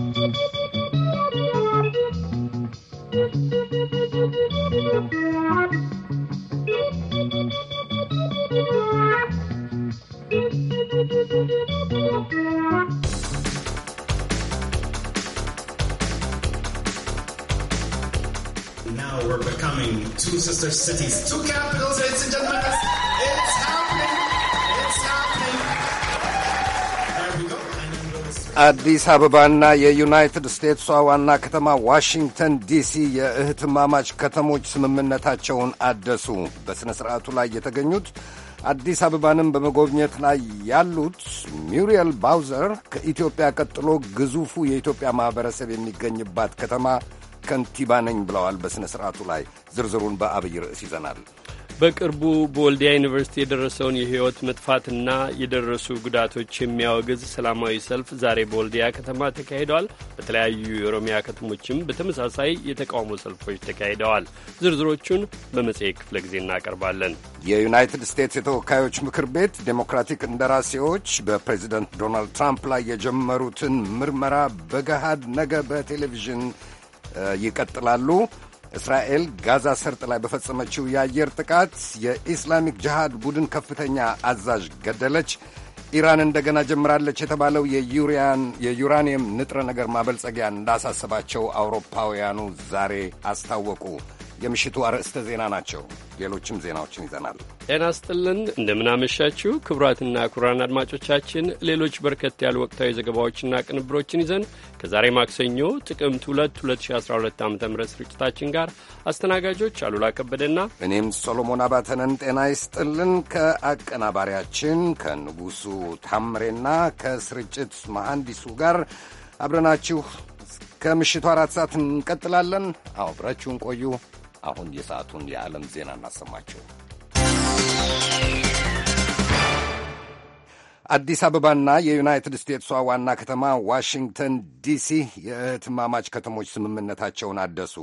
Now we're becoming two sister cities, two capitals, ladies and gentlemen. አዲስ አበባና የዩናይትድ ስቴትሷ ዋና ከተማ ዋሽንግተን ዲሲ የእህትማማች ከተሞች ስምምነታቸውን አደሱ። በሥነ ሥርዓቱ ላይ የተገኙት አዲስ አበባንም በመጎብኘት ላይ ያሉት ሚሪየል ባውዘር ከኢትዮጵያ ቀጥሎ ግዙፉ የኢትዮጵያ ማኅበረሰብ የሚገኝባት ከተማ ከንቲባ ነኝ ብለዋል። በሥነ ሥርዓቱ ላይ ዝርዝሩን በአብይ ርዕስ ይዘናል። በቅርቡ በወልዲያ ዩኒቨርሲቲ የደረሰውን የሕይወት መጥፋትና የደረሱ ጉዳቶች የሚያወግዝ ሰላማዊ ሰልፍ ዛሬ በወልዲያ ከተማ ተካሂደዋል። በተለያዩ የኦሮሚያ ከተሞችም በተመሳሳይ የተቃውሞ ሰልፎች ተካሂደዋል። ዝርዝሮቹን በመጽሔት ክፍለ ጊዜ እናቀርባለን። የዩናይትድ ስቴትስ የተወካዮች ምክር ቤት ዴሞክራቲክ እንደራሴዎች በፕሬዚደንት ዶናልድ ትራምፕ ላይ የጀመሩትን ምርመራ በገሃድ ነገ በቴሌቪዥን ይቀጥላሉ። እስራኤል ጋዛ ሰርጥ ላይ በፈጸመችው የአየር ጥቃት የኢስላሚክ ጅሃድ ቡድን ከፍተኛ አዛዥ ገደለች። ኢራን እንደገና ጀምራለች የተባለው የዩራኒየም ንጥረ ነገር ማበልጸጊያ እንዳሳሰባቸው አውሮፓውያኑ ዛሬ አስታወቁ። የምሽቱ አርዕስተ ዜና ናቸው። ሌሎችም ዜናዎችን ይዘናል። ጤና ስጥልን፣ እንደምናመሻችሁ ክቡራትና ክቡራን አድማጮቻችን ሌሎች በርከት ያሉ ወቅታዊ ዘገባዎችና ቅንብሮችን ይዘን ከዛሬ ማክሰኞ ጥቅምት 2 2012 ዓ ም ስርጭታችን ጋር አስተናጋጆች አሉላ ከበደና እኔም ሶሎሞን አባተነን ጤና ይስጥልን ከአቀናባሪያችን ከንጉሱ ታምሬና ከስርጭት መሐንዲሱ ጋር አብረናችሁ ከምሽቱ አራት ሰዓት እንቀጥላለን። አብራችሁን ቆዩ። አሁን የሰዓቱን የዓለም ዜና እናሰማቸው። አዲስ አበባና የዩናይትድ ስቴትሷ ዋና ከተማ ዋሽንግተን ዲሲ የእህትማማች ከተሞች ስምምነታቸውን አደሱ።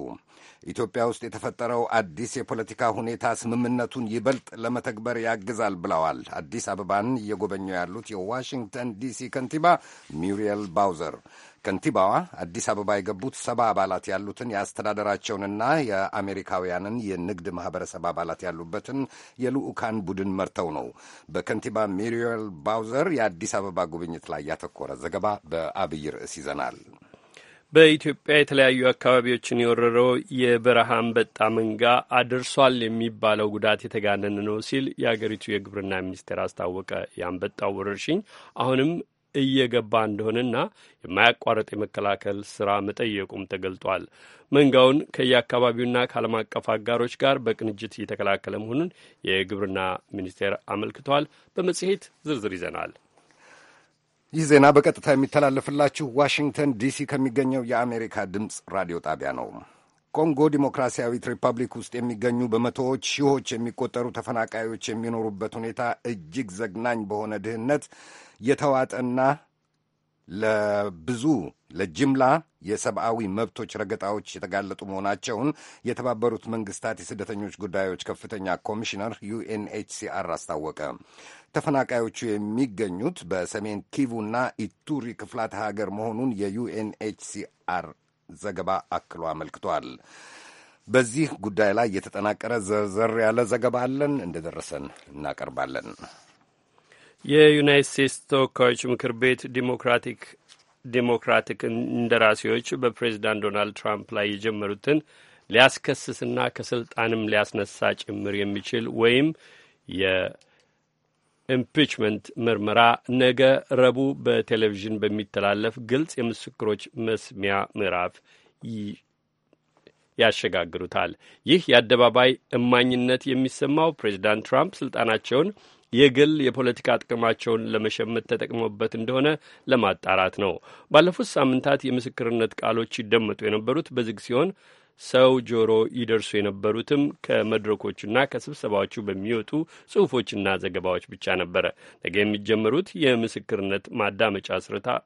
ኢትዮጵያ ውስጥ የተፈጠረው አዲስ የፖለቲካ ሁኔታ ስምምነቱን ይበልጥ ለመተግበር ያግዛል ብለዋል። አዲስ አበባን እየጎበኙ ያሉት የዋሽንግተን ዲሲ ከንቲባ ሚሪየል ባውዘር ከንቲባዋ አዲስ አበባ የገቡት ሰባ አባላት ያሉትን የአስተዳደራቸውንና የአሜሪካውያንን የንግድ ማህበረሰብ አባላት ያሉበትን የልዑካን ቡድን መርተው ነው። በከንቲባ ሚሪየል ባውዘር የአዲስ አበባ ጉብኝት ላይ ያተኮረ ዘገባ በአብይ ርዕስ ይዘናል። በኢትዮጵያ የተለያዩ አካባቢዎችን የወረረው የበረሃ አንበጣ መንጋ አድርሷል የሚባለው ጉዳት የተጋነነ ነው ሲል የአገሪቱ የግብርና ሚኒስቴር አስታወቀ። የአንበጣው ወረርሽኝ አሁንም እየገባ እንደሆነና የማያቋረጥ የመከላከል ስራ መጠየቁም ተገልጧል። መንጋውን ከየአካባቢውና ከዓለም አቀፍ አጋሮች ጋር በቅንጅት እየተከላከለ መሆኑን የግብርና ሚኒስቴር አመልክቷል። በመጽሔት ዝርዝር ይዘናል። ይህ ዜና በቀጥታ የሚተላለፍላችሁ ዋሽንግተን ዲሲ ከሚገኘው የአሜሪካ ድምፅ ራዲዮ ጣቢያ ነው። ኮንጎ ዲሞክራሲያዊት ሪፐብሊክ ውስጥ የሚገኙ በመቶዎች ሺዎች የሚቆጠሩ ተፈናቃዮች የሚኖሩበት ሁኔታ እጅግ ዘግናኝ በሆነ ድህነት የተዋጠና ለብዙ ለጅምላ የሰብአዊ መብቶች ረገጣዎች የተጋለጡ መሆናቸውን የተባበሩት መንግስታት የስደተኞች ጉዳዮች ከፍተኛ ኮሚሽነር ዩኤንኤችሲአር አስታወቀ። ተፈናቃዮቹ የሚገኙት በሰሜን ኪቩና ኢቱሪ ክፍላተ ሀገር መሆኑን የዩኤንኤችሲአር ዘገባ አክሎ አመልክቷል። በዚህ ጉዳይ ላይ የተጠናቀረ ዘርዘር ያለ ዘገባ አለን፣ እንደደረሰን እናቀርባለን። የዩናይት ስቴትስ ተወካዮች ምክር ቤት ዲሞክራቲክ ዲሞክራቲክ እንደራሴዎች በፕሬዚዳንት ዶናልድ ትራምፕ ላይ የጀመሩትን ሊያስከስስና ከስልጣንም ሊያስነሳ ጭምር የሚችል ወይም የኢምፒችመንት ምርመራ ነገ ረቡዕ በቴሌቪዥን በሚተላለፍ ግልጽ የምስክሮች መስሚያ ምዕራፍ ያሸጋግሩታል። ይህ የአደባባይ እማኝነት የሚሰማው ፕሬዚዳንት ትራምፕ ስልጣናቸውን የግል የፖለቲካ ጥቅማቸውን ለመሸመት ተጠቅመበት እንደሆነ ለማጣራት ነው። ባለፉት ሳምንታት የምስክርነት ቃሎች ይደመጡ የነበሩት በዝግ ሲሆን ሰው ጆሮ ይደርሱ የነበሩትም ከመድረኮቹና ከስብሰባዎቹ በሚወጡ ጽሁፎችና ዘገባዎች ብቻ ነበረ። ነገ የሚጀመሩት የምስክርነት ማዳመጫ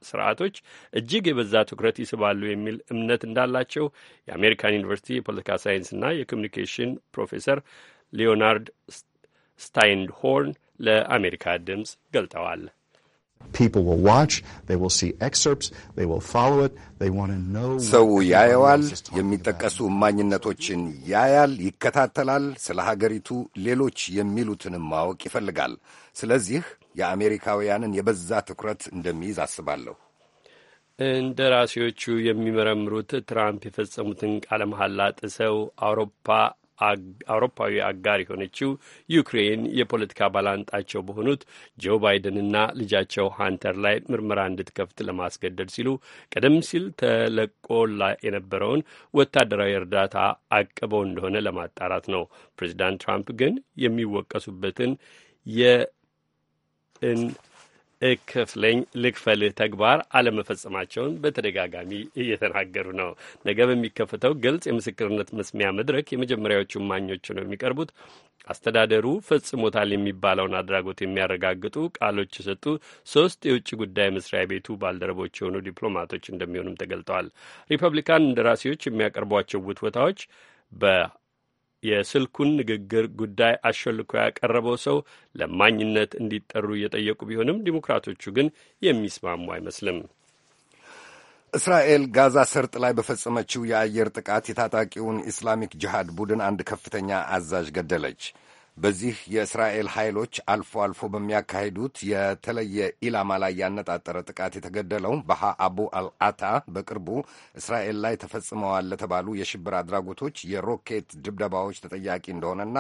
ስርዓቶች እጅግ የበዛ ትኩረት ይስባሉ የሚል እምነት እንዳላቸው የአሜሪካን ዩኒቨርሲቲ የፖለቲካ ሳይንስና የኮሚኒኬሽን ፕሮፌሰር ሊዮናርድ ስታይንድሆርን ለአሜሪካ ድምፅ ገልጠዋል። ሰው ያየዋል፣ የሚጠቀሱ እማኝነቶችን ያያል፣ ይከታተላል። ስለ ሀገሪቱ ሌሎች የሚሉትንም ማወቅ ይፈልጋል። ስለዚህ የአሜሪካውያንን የበዛ ትኩረት እንደሚይዝ አስባለሁ። እንደ እንደራሴዎቹ የሚመረምሩት ትራምፕ የፈጸሙትን ቃለ መሐላ ጥሰው አውሮፓ አውሮፓዊ አጋር የሆነችው ዩክሬን የፖለቲካ ባላንጣቸው በሆኑት ጆ ባይደንና ልጃቸው ሃንተር ላይ ምርመራ እንድትከፍት ለማስገደድ ሲሉ ቀደም ሲል ተለቆ የነበረውን ወታደራዊ እርዳታ አቅበው እንደሆነ ለማጣራት ነው። ፕሬዚዳንት ትራምፕ ግን የሚወቀሱበትን የእን እክፍለኝ ልክፈልህ ተግባር አለመፈጸማቸውን በተደጋጋሚ እየተናገሩ ነው። ነገ በሚከፈተው ግልጽ የምስክርነት መስሚያ መድረክ የመጀመሪያዎቹ ማኞች ነው የሚቀርቡት። አስተዳደሩ ፈጽሞታል የሚባለውን አድራጎት የሚያረጋግጡ ቃሎች የሰጡ ሶስት የውጭ ጉዳይ መስሪያ ቤቱ ባልደረቦች የሆኑ ዲፕሎማቶች እንደሚሆኑም ተገልጠዋል። ሪፐብሊካን እንደራሴዎች የሚያቀርቧቸው ውትወታዎች በ የስልኩን ንግግር ጉዳይ አሸልኮ ያቀረበው ሰው ለማኝነት እንዲጠሩ እየጠየቁ ቢሆንም ዲሞክራቶቹ ግን የሚስማሙ አይመስልም። እስራኤል ጋዛ ሰርጥ ላይ በፈጸመችው የአየር ጥቃት የታጣቂውን ኢስላሚክ ጅሃድ ቡድን አንድ ከፍተኛ አዛዥ ገደለች። በዚህ የእስራኤል ኃይሎች አልፎ አልፎ በሚያካሂዱት የተለየ ኢላማ ላይ ያነጣጠረ ጥቃት የተገደለው በሀ አቡ አልአታ በቅርቡ እስራኤል ላይ ተፈጽመዋል ለተባሉ የሽብር አድራጎቶች የሮኬት ድብደባዎች ተጠያቂ እንደሆነና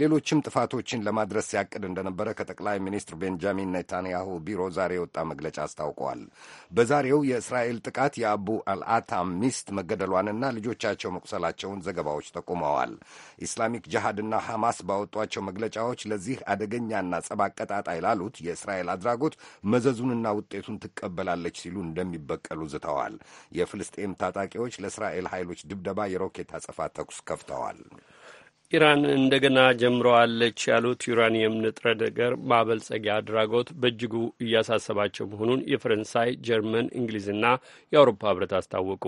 ሌሎችም ጥፋቶችን ለማድረስ ሲያቅድ እንደነበረ ከጠቅላይ ሚኒስትር ቤንጃሚን ኔታንያሁ ቢሮ ዛሬ የወጣ መግለጫ አስታውቀዋል። በዛሬው የእስራኤል ጥቃት የአቡ አልአታ ሚስት መገደሏንና ልጆቻቸው መቁሰላቸውን ዘገባዎች ጠቁመዋል። ኢስላሚክ ጅሃድና ሐማስ ባወጧቸው መግለጫዎች ለዚህ አደገኛና ጸብ አቀጣጣይ ላሉት የእስራኤል አድራጎት መዘዙንና ውጤቱን ትቀበላለች ሲሉ እንደሚበቀሉ ዝተዋል። የፍልስጤም ታጣቂዎች ለእስራኤል ኃይሎች ድብደባ የሮኬት አጸፋ ተኩስ ከፍተዋል። ኢራን እንደገና ጀምረዋለች ያሉት ዩራኒየም ንጥረ ነገር ማበልጸጊያ አድራጎት በእጅጉ እያሳሰባቸው መሆኑን የፈረንሳይ፣ ጀርመን፣ እንግሊዝና የአውሮፓ ህብረት አስታወቁ።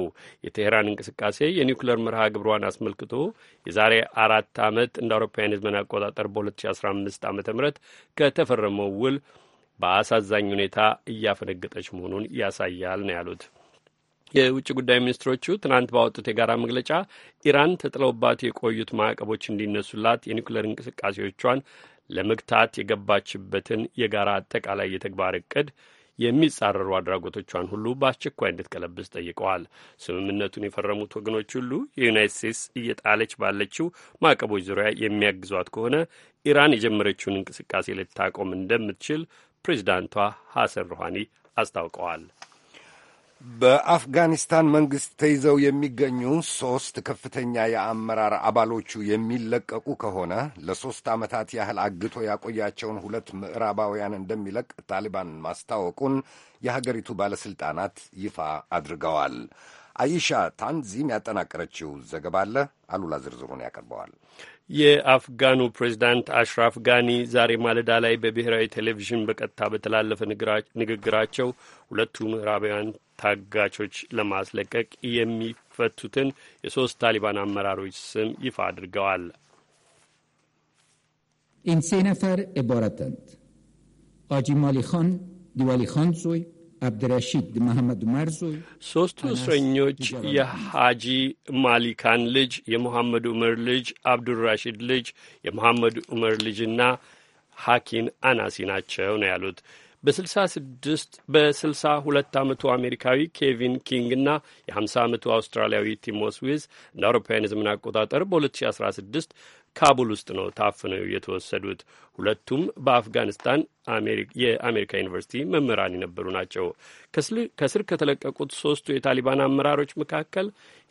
የቴሄራን እንቅስቃሴ የኒውክሌር መርሃ ግብሯን አስመልክቶ የዛሬ አራት ዓመት እንደ አውሮፓውያን ዘመን አቆጣጠር በ2015 ዓ ም ከተፈረመው ውል በአሳዛኝ ሁኔታ እያፈነገጠች መሆኑን ያሳያል ነው ያሉት። የውጭ ጉዳይ ሚኒስትሮቹ ትናንት ባወጡት የጋራ መግለጫ ኢራን ተጥለውባት የቆዩት ማዕቀቦች እንዲነሱላት የኒኩሌር እንቅስቃሴዎቿን ለመግታት የገባችበትን የጋራ አጠቃላይ የተግባር እቅድ የሚጻረሩ አድራጎቶቿን ሁሉ በአስቸኳይ እንድትቀለብስ ጠይቀዋል። ስምምነቱን የፈረሙት ወገኖች ሁሉ የዩናይት ስቴትስ እየጣለች ባለችው ማዕቀቦች ዙሪያ የሚያግዟት ከሆነ ኢራን የጀመረችውን እንቅስቃሴ ልታቆም እንደምትችል ፕሬዚዳንቷ ሐሰን ሩሃኒ አስታውቀዋል። በአፍጋኒስታን መንግሥት ተይዘው የሚገኙ ሦስት ከፍተኛ የአመራር አባሎቹ የሚለቀቁ ከሆነ ለሦስት ዓመታት ያህል አግቶ ያቆያቸውን ሁለት ምዕራባውያን እንደሚለቅ ታሊባን ማስታወቁን የሀገሪቱ ባለሥልጣናት ይፋ አድርገዋል። አይሻ ታንዚም ያጠናቀረችው ዘገባ አለ። አሉላ ዝርዝሩን ያቀርበዋል። የአፍጋኑ ፕሬዚዳንት አሽራፍ ጋኒ ዛሬ ማለዳ ላይ በብሔራዊ ቴሌቪዥን በቀጥታ በተላለፈ ንግግራቸው ሁለቱ ምዕራባውያን ታጋቾች ለማስለቀቅ የሚፈቱትን የሶስት ታሊባን አመራሮች ስም ይፋ አድርገዋል። ኢንሴነፈር ኢቦረተንት ኦጂማሊኸን ዲዋሊኸንሶይ መሐመድ ሶስቱ እስረኞች የሐጂ ማሊካን ልጅ የመሐመድ ዑመር ልጅ አብዱራሺድ ልጅ የመሐመድ ዑመር ልጅና ሐኪን አናሲ ናቸው ነው ያሉት። በ66 በ62 ዓመቱ አሜሪካዊ ኬቪን ኪንግ እና የ50 ዓመቱ አውስትራሊያዊ ቲሞስ ዊዝ እንደ አውሮፓውያን የዘመን አቆጣጠር በ2016 ካቡል ውስጥ ነው ታፍነው የተወሰዱት። ሁለቱም በአፍጋኒስታን የአሜሪካ ዩኒቨርሲቲ መምህራን የነበሩ ናቸው። ከስር ከተለቀቁት ሶስቱ የታሊባን አመራሮች መካከል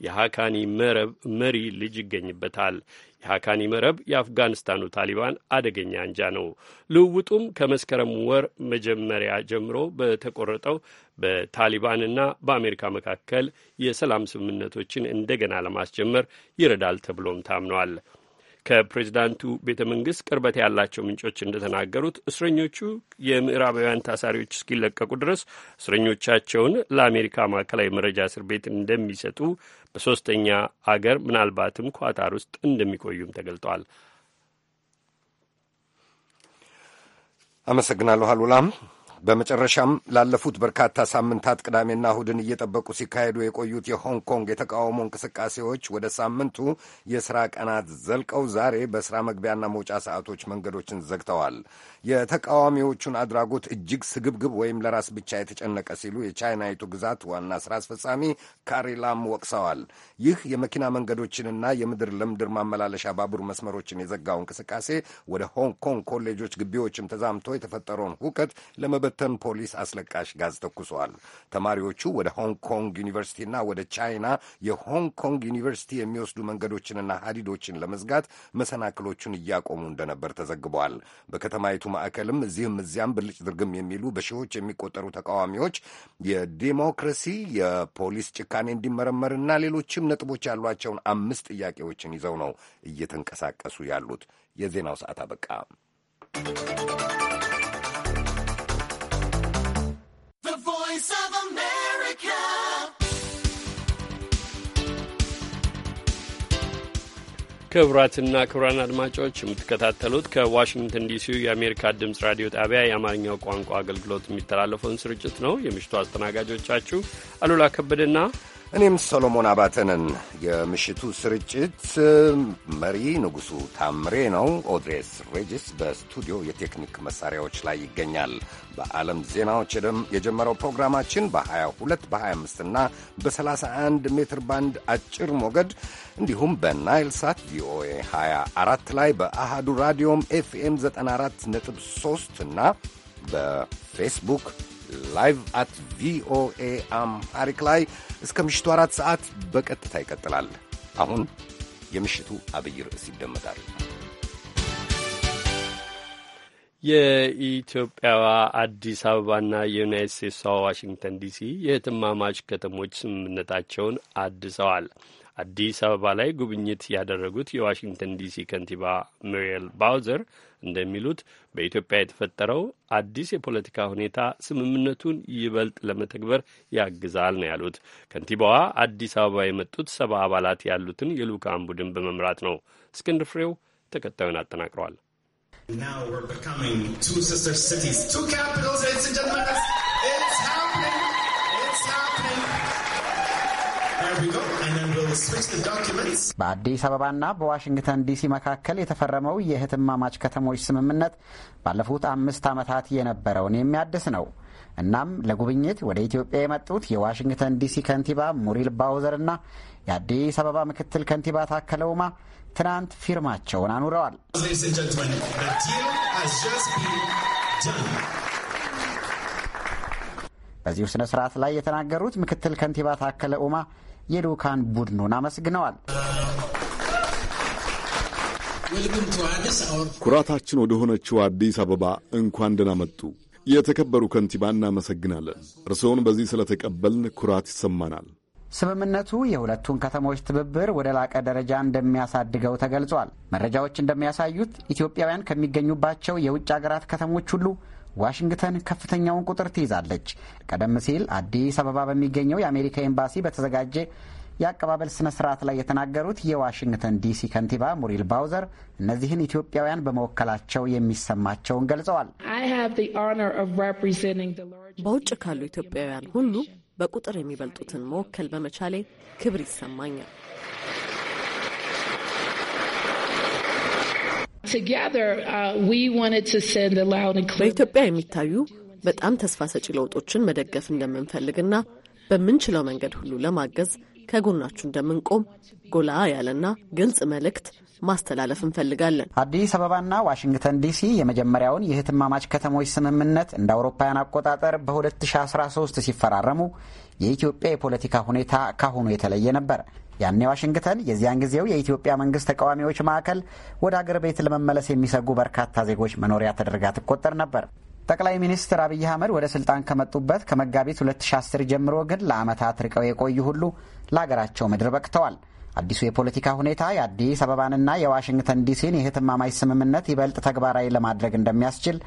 የሀካኒ መረብ መሪ ልጅ ይገኝበታል። የሀካኒ መረብ የአፍጋኒስታኑ ታሊባን አደገኛ አንጃ ነው። ልውውጡም ከመስከረም ወር መጀመሪያ ጀምሮ በተቆረጠው በታሊባንና በአሜሪካ መካከል የሰላም ስምምነቶችን እንደገና ለማስጀመር ይረዳል ተብሎም ታምኗል። ከፕሬዚዳንቱ ቤተ መንግስት ቅርበት ያላቸው ምንጮች እንደተናገሩት እስረኞቹ የምዕራባውያን ታሳሪዎች እስኪለቀቁ ድረስ እስረኞቻቸውን ለአሜሪካ ማዕከላዊ መረጃ እስር ቤት እንደሚሰጡ፣ በሶስተኛ አገር ምናልባትም ኳታር ውስጥ እንደሚቆዩም ተገልጠዋል። አመሰግናለሁ አሉላም። በመጨረሻም ላለፉት በርካታ ሳምንታት ቅዳሜና እሁድን እየጠበቁ ሲካሄዱ የቆዩት የሆንግ ኮንግ የተቃውሞ እንቅስቃሴዎች ወደ ሳምንቱ የሥራ ቀናት ዘልቀው ዛሬ በሥራ መግቢያና መውጫ ሰዓቶች መንገዶችን ዘግተዋል። የተቃዋሚዎቹን አድራጎት እጅግ ስግብግብ ወይም ለራስ ብቻ የተጨነቀ ሲሉ የቻይናዊቱ ግዛት ዋና ሥራ አስፈጻሚ ካሪ ላም ወቅሰዋል። ይህ የመኪና መንገዶችንና የምድር ለምድር ማመላለሻ ባቡር መስመሮችን የዘጋው እንቅስቃሴ ወደ ሆንግ ኮንግ ኮሌጆች ግቢዎችም ተዛምቶ የተፈጠረውን ሁከት ለመበ የመበተን ፖሊስ አስለቃሽ ጋዝ ተኩሰዋል። ተማሪዎቹ ወደ ሆንግ ኮንግ ዩኒቨርሲቲና ወደ ቻይና የሆንግ ኮንግ ዩኒቨርሲቲ የሚወስዱ መንገዶችንና ሀዲዶችን ለመዝጋት መሰናክሎቹን እያቆሙ እንደነበር ተዘግበዋል። በከተማይቱ ማዕከልም እዚህም እዚያም ብልጭ ድርግም የሚሉ በሺዎች የሚቆጠሩ ተቃዋሚዎች የዲሞክራሲ የፖሊስ ጭካኔ እንዲመረመርና ሌሎችም ነጥቦች ያሏቸውን አምስት ጥያቄዎችን ይዘው ነው እየተንቀሳቀሱ ያሉት። የዜናው ሰዓት አበቃ። ክቡራትና ክቡራን አድማጮች የምትከታተሉት ከዋሽንግተን ዲሲ የአሜሪካ ድምፅ ራዲዮ ጣቢያ የአማርኛው ቋንቋ አገልግሎት የሚተላለፈውን ስርጭት ነው። የምሽቱ አስተናጋጆቻችሁ አሉላ ከበደና እኔም ሰሎሞን አባተንን የምሽቱ ስርጭት መሪ ንጉሡ ታምሬ ነው። ኦድሬስ ሬጅስ በስቱዲዮ የቴክኒክ መሳሪያዎች ላይ ይገኛል። በዓለም ዜናዎች የጀመረው ፕሮግራማችን በ22 በ25 እና በ31 ሜትር ባንድ አጭር ሞገድ እንዲሁም በናይል ሳት ቪኦኤ 24 ላይ በአሃዱ ራዲዮም ኤፍኤም 94.3 እና በፌስቡክ ላይቭ አት ቪኦኤ አምሃሪክ ላይ እስከ ምሽቱ አራት ሰዓት በቀጥታ ይቀጥላል። አሁን የምሽቱ አብይ ርዕስ ይደመጣል። የኢትዮጵያዋ አዲስ አበባና የዩናይት ስቴትሷ ዋሽንግተን ዲሲ የህትማማች ከተሞች ስምምነታቸውን አድሰዋል። አዲስ አበባ ላይ ጉብኝት ያደረጉት የዋሽንግተን ዲሲ ከንቲባ ሚሪየል ባውዘር እንደሚሉት በኢትዮጵያ የተፈጠረው አዲስ የፖለቲካ ሁኔታ ስምምነቱን ይበልጥ ለመተግበር ያግዛል ነው ያሉት። ከንቲባዋ አዲስ አበባ የመጡት ሰባ አባላት ያሉትን የልዑካን ቡድን በመምራት ነው። እስክንድር ፍሬው ተከታዩን አጠናቅረዋል። በአዲስ አበባና በዋሽንግተን ዲሲ መካከል የተፈረመው ማች ከተሞች ስምምነት ባለፉት አምስት ዓመታት የነበረውን የሚያድስ ነው። እናም ለጉብኝት ወደ ኢትዮጵያ የመጡት የዋሽንግተን ዲሲ ከንቲባ ሙሪል ባውዘርና የአዲስ አበባ ምክትል ከንቲባ ታከለ ኡማ ትናንት ፊርማቸውን አኑረዋል። በዚሁ ስነ ስርዓት ላይ የተናገሩት ምክትል ከንቲባ ታከለ ኡማ የልኡካን ቡድኑን አመስግነዋል። ኩራታችን ወደ ሆነችው አዲስ አበባ እንኳን ደህና መጡ። የተከበሩ ከንቲባ እናመሰግናለን። እርስዎን በዚህ ስለተቀበልን ኩራት ይሰማናል። ስምምነቱ የሁለቱን ከተሞች ትብብር ወደ ላቀ ደረጃ እንደሚያሳድገው ተገልጿል። መረጃዎች እንደሚያሳዩት ኢትዮጵያውያን ከሚገኙባቸው የውጭ አገራት ከተሞች ሁሉ ዋሽንግተን ከፍተኛውን ቁጥር ትይዛለች። ቀደም ሲል አዲስ አበባ በሚገኘው የአሜሪካ ኤምባሲ በተዘጋጀ የአቀባበል ስነ ስርዓት ላይ የተናገሩት የዋሽንግተን ዲሲ ከንቲባ ሙሪል ባውዘር እነዚህን ኢትዮጵያውያን በመወከላቸው የሚሰማቸውን ገልጸዋል። በውጭ ካሉ ኢትዮጵያውያን ሁሉ በቁጥር የሚበልጡትን መወከል በመቻሌ ክብር ይሰማኛል። Uh, በኢትዮጵያ የሚታዩ በጣም ተስፋ ሰጪ ለውጦችን መደገፍ እንደምንፈልግና በምንችለው መንገድ ሁሉ ለማገዝ ከጎናችሁ እንደምንቆም ጎላ ያለና ግልጽ መልእክት ማስተላለፍ እንፈልጋለን። አዲስ አበባና ዋሽንግተን ዲሲ የመጀመሪያውን የህትማማች ከተሞች ስምምነት እንደ አውሮፓውያን አቆጣጠር በ2013 ሲፈራረሙ የኢትዮጵያ የፖለቲካ ሁኔታ ካሁኑ የተለየ ነበር። ያኔ ዋሽንግተን የዚያን ጊዜው የኢትዮጵያ መንግስት ተቃዋሚዎች ማዕከል ወደ አገር ቤት ለመመለስ የሚሰጉ በርካታ ዜጎች መኖሪያ ተደርጋ ትቆጠር ነበር። ጠቅላይ ሚኒስትር አብይ አህመድ ወደ ስልጣን ከመጡበት ከመጋቢት 2010 ጀምሮ ግን ለዓመታት ርቀው የቆዩ ሁሉ ለአገራቸው ምድር በቅተዋል። አዲሱ የፖለቲካ ሁኔታ የአዲስ አበባንና የዋሽንግተን ዲሲን የህትማማች ስምምነት ይበልጥ ተግባራዊ ለማድረግ እንደሚያስችል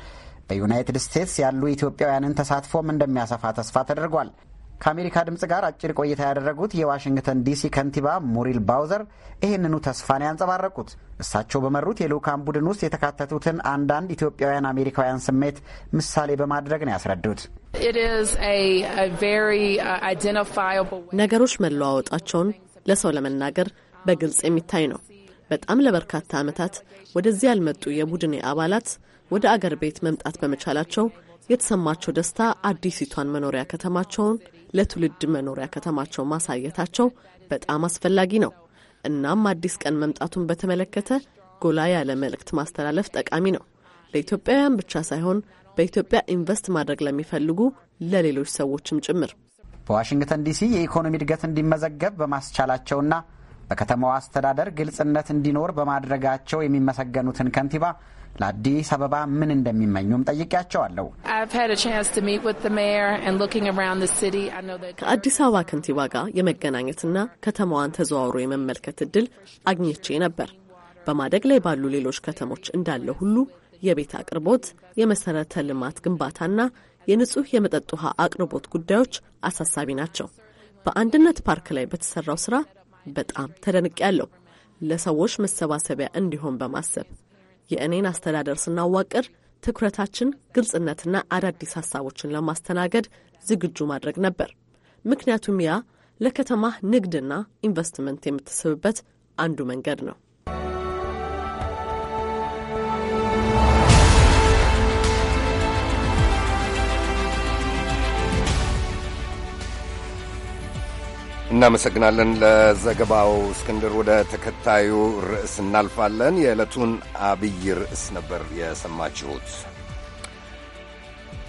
በዩናይትድ ስቴትስ ያሉ ኢትዮጵያውያንን ተሳትፎም እንደሚያሰፋ ተስፋ ተደርጓል። ከአሜሪካ ድምፅ ጋር አጭር ቆይታ ያደረጉት የዋሽንግተን ዲሲ ከንቲባ ሙሪል ባውዘር ይህንኑ ተስፋን ያንጸባረቁት እሳቸው በመሩት የልዑካን ቡድን ውስጥ የተካተቱትን አንዳንድ ኢትዮጵያውያን አሜሪካውያን ስሜት ምሳሌ በማድረግ ነው ያስረዱት። uh, ነገሮች መለዋወጣቸውን ለሰው ለመናገር በግልጽ የሚታይ ነው። በጣም ለበርካታ ዓመታት ወደዚህ ያልመጡ የቡድኔ አባላት ወደ አገር ቤት መምጣት በመቻላቸው የተሰማቸው ደስታ አዲሲቷን መኖሪያ ከተማቸውን ለትውልድ መኖሪያ ከተማቸው ማሳየታቸው በጣም አስፈላጊ ነው። እናም አዲስ ቀን መምጣቱን በተመለከተ ጎላ ያለ መልእክት ማስተላለፍ ጠቃሚ ነው። ለኢትዮጵያውያን ብቻ ሳይሆን በኢትዮጵያ ኢንቨስት ማድረግ ለሚፈልጉ ለሌሎች ሰዎችም ጭምር። በዋሽንግተን ዲሲ የኢኮኖሚ እድገት እንዲመዘገብ በማስቻላቸውና በከተማዋ አስተዳደር ግልጽነት እንዲኖር በማድረጋቸው የሚመሰገኑትን ከንቲባ ለአዲስ አበባ ምን እንደሚመኙም ጠይቄያቸዋለሁ። ከአዲስ አበባ ከንቲባ ጋር የመገናኘትና ከተማዋን ተዘዋውሮ የመመልከት እድል አግኝቼ ነበር። በማደግ ላይ ባሉ ሌሎች ከተሞች እንዳለ ሁሉ የቤት አቅርቦት፣ የመሰረተ ልማት ግንባታና የንጹህ የመጠጥ ውሃ አቅርቦት ጉዳዮች አሳሳቢ ናቸው። በአንድነት ፓርክ ላይ በተሰራው ስራ በጣም ተደንቅ ያለው ለሰዎች መሰባሰቢያ እንዲሆን በማሰብ የእኔን አስተዳደር ስናዋቅር ትኩረታችን ግልጽነትና አዳዲስ ሀሳቦችን ለማስተናገድ ዝግጁ ማድረግ ነበር። ምክንያቱም ያ ለከተማ ንግድና ኢንቨስትመንት የምትስብበት አንዱ መንገድ ነው። እናመሰግናለን ለዘገባው እስክንድር። ወደ ተከታዩ ርዕስ እናልፋለን። የዕለቱን አብይ ርዕስ ነበር የሰማችሁት።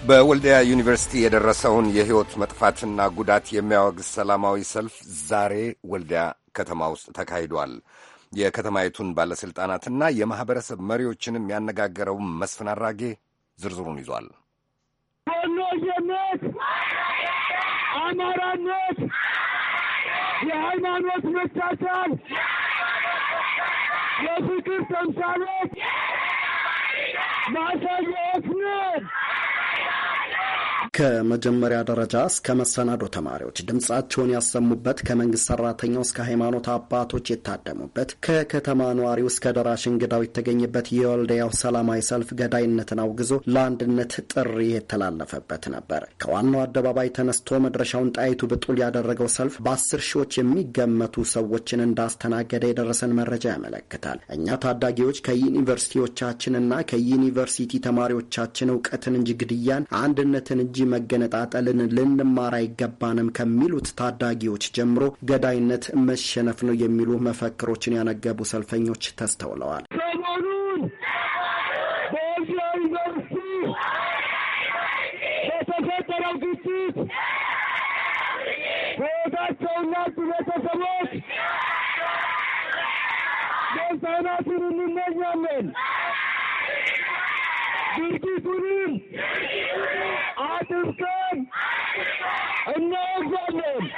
በወልዲያ ዩኒቨርሲቲ የደረሰውን የሕይወት መጥፋትና ጉዳት የሚያወግዝ ሰላማዊ ሰልፍ ዛሬ ወልዲያ ከተማ ውስጥ ተካሂዷል። የከተማይቱን ባለሥልጣናትና የማኅበረሰብ መሪዎችንም ያነጋገረው መስፍን አራጌ ዝርዝሩን ይዟል። አማራነት የሃይማኖት መቻቻል፣ የፍቅር ተምሳሌት ማሳያዎች ነን። ከመጀመሪያ ደረጃ እስከ መሰናዶ ተማሪዎች ድምጻቸውን ያሰሙበት፣ ከመንግስት ሰራተኛው እስከ ሃይማኖት አባቶች የታደሙበት፣ ከከተማ ነዋሪው እስከ ደራሽ እንግዳው የተገኘበት የወልዲያው ሰላማዊ ሰልፍ ገዳይነትን አውግዞ ለአንድነት ጥሪ የተላለፈበት ነበር። ከዋናው አደባባይ ተነስቶ መድረሻውን ጣይቱ ብጡል ያደረገው ሰልፍ በአስር ሺዎች የሚገመቱ ሰዎችን እንዳስተናገደ የደረሰን መረጃ ያመለክታል። እኛ ታዳጊዎች ከዩኒቨርሲቲዎቻችንና ከዩኒቨርሲቲ ተማሪዎቻችን እውቀትን እንጂ ግድያን አንድነትን እንጂ መገነጣጠልን ልንማር አይገባንም ከሚሉት ታዳጊዎች ጀምሮ ገዳይነት መሸነፍ ነው የሚሉ መፈክሮችን ያነገቡ ሰልፈኞች ተስተውለዋል። በተፈጠረው ሕይወታቸውና ቤተሰቦች ሕፃናትን እንመኛለን ድርጊቱንም Ice I know it's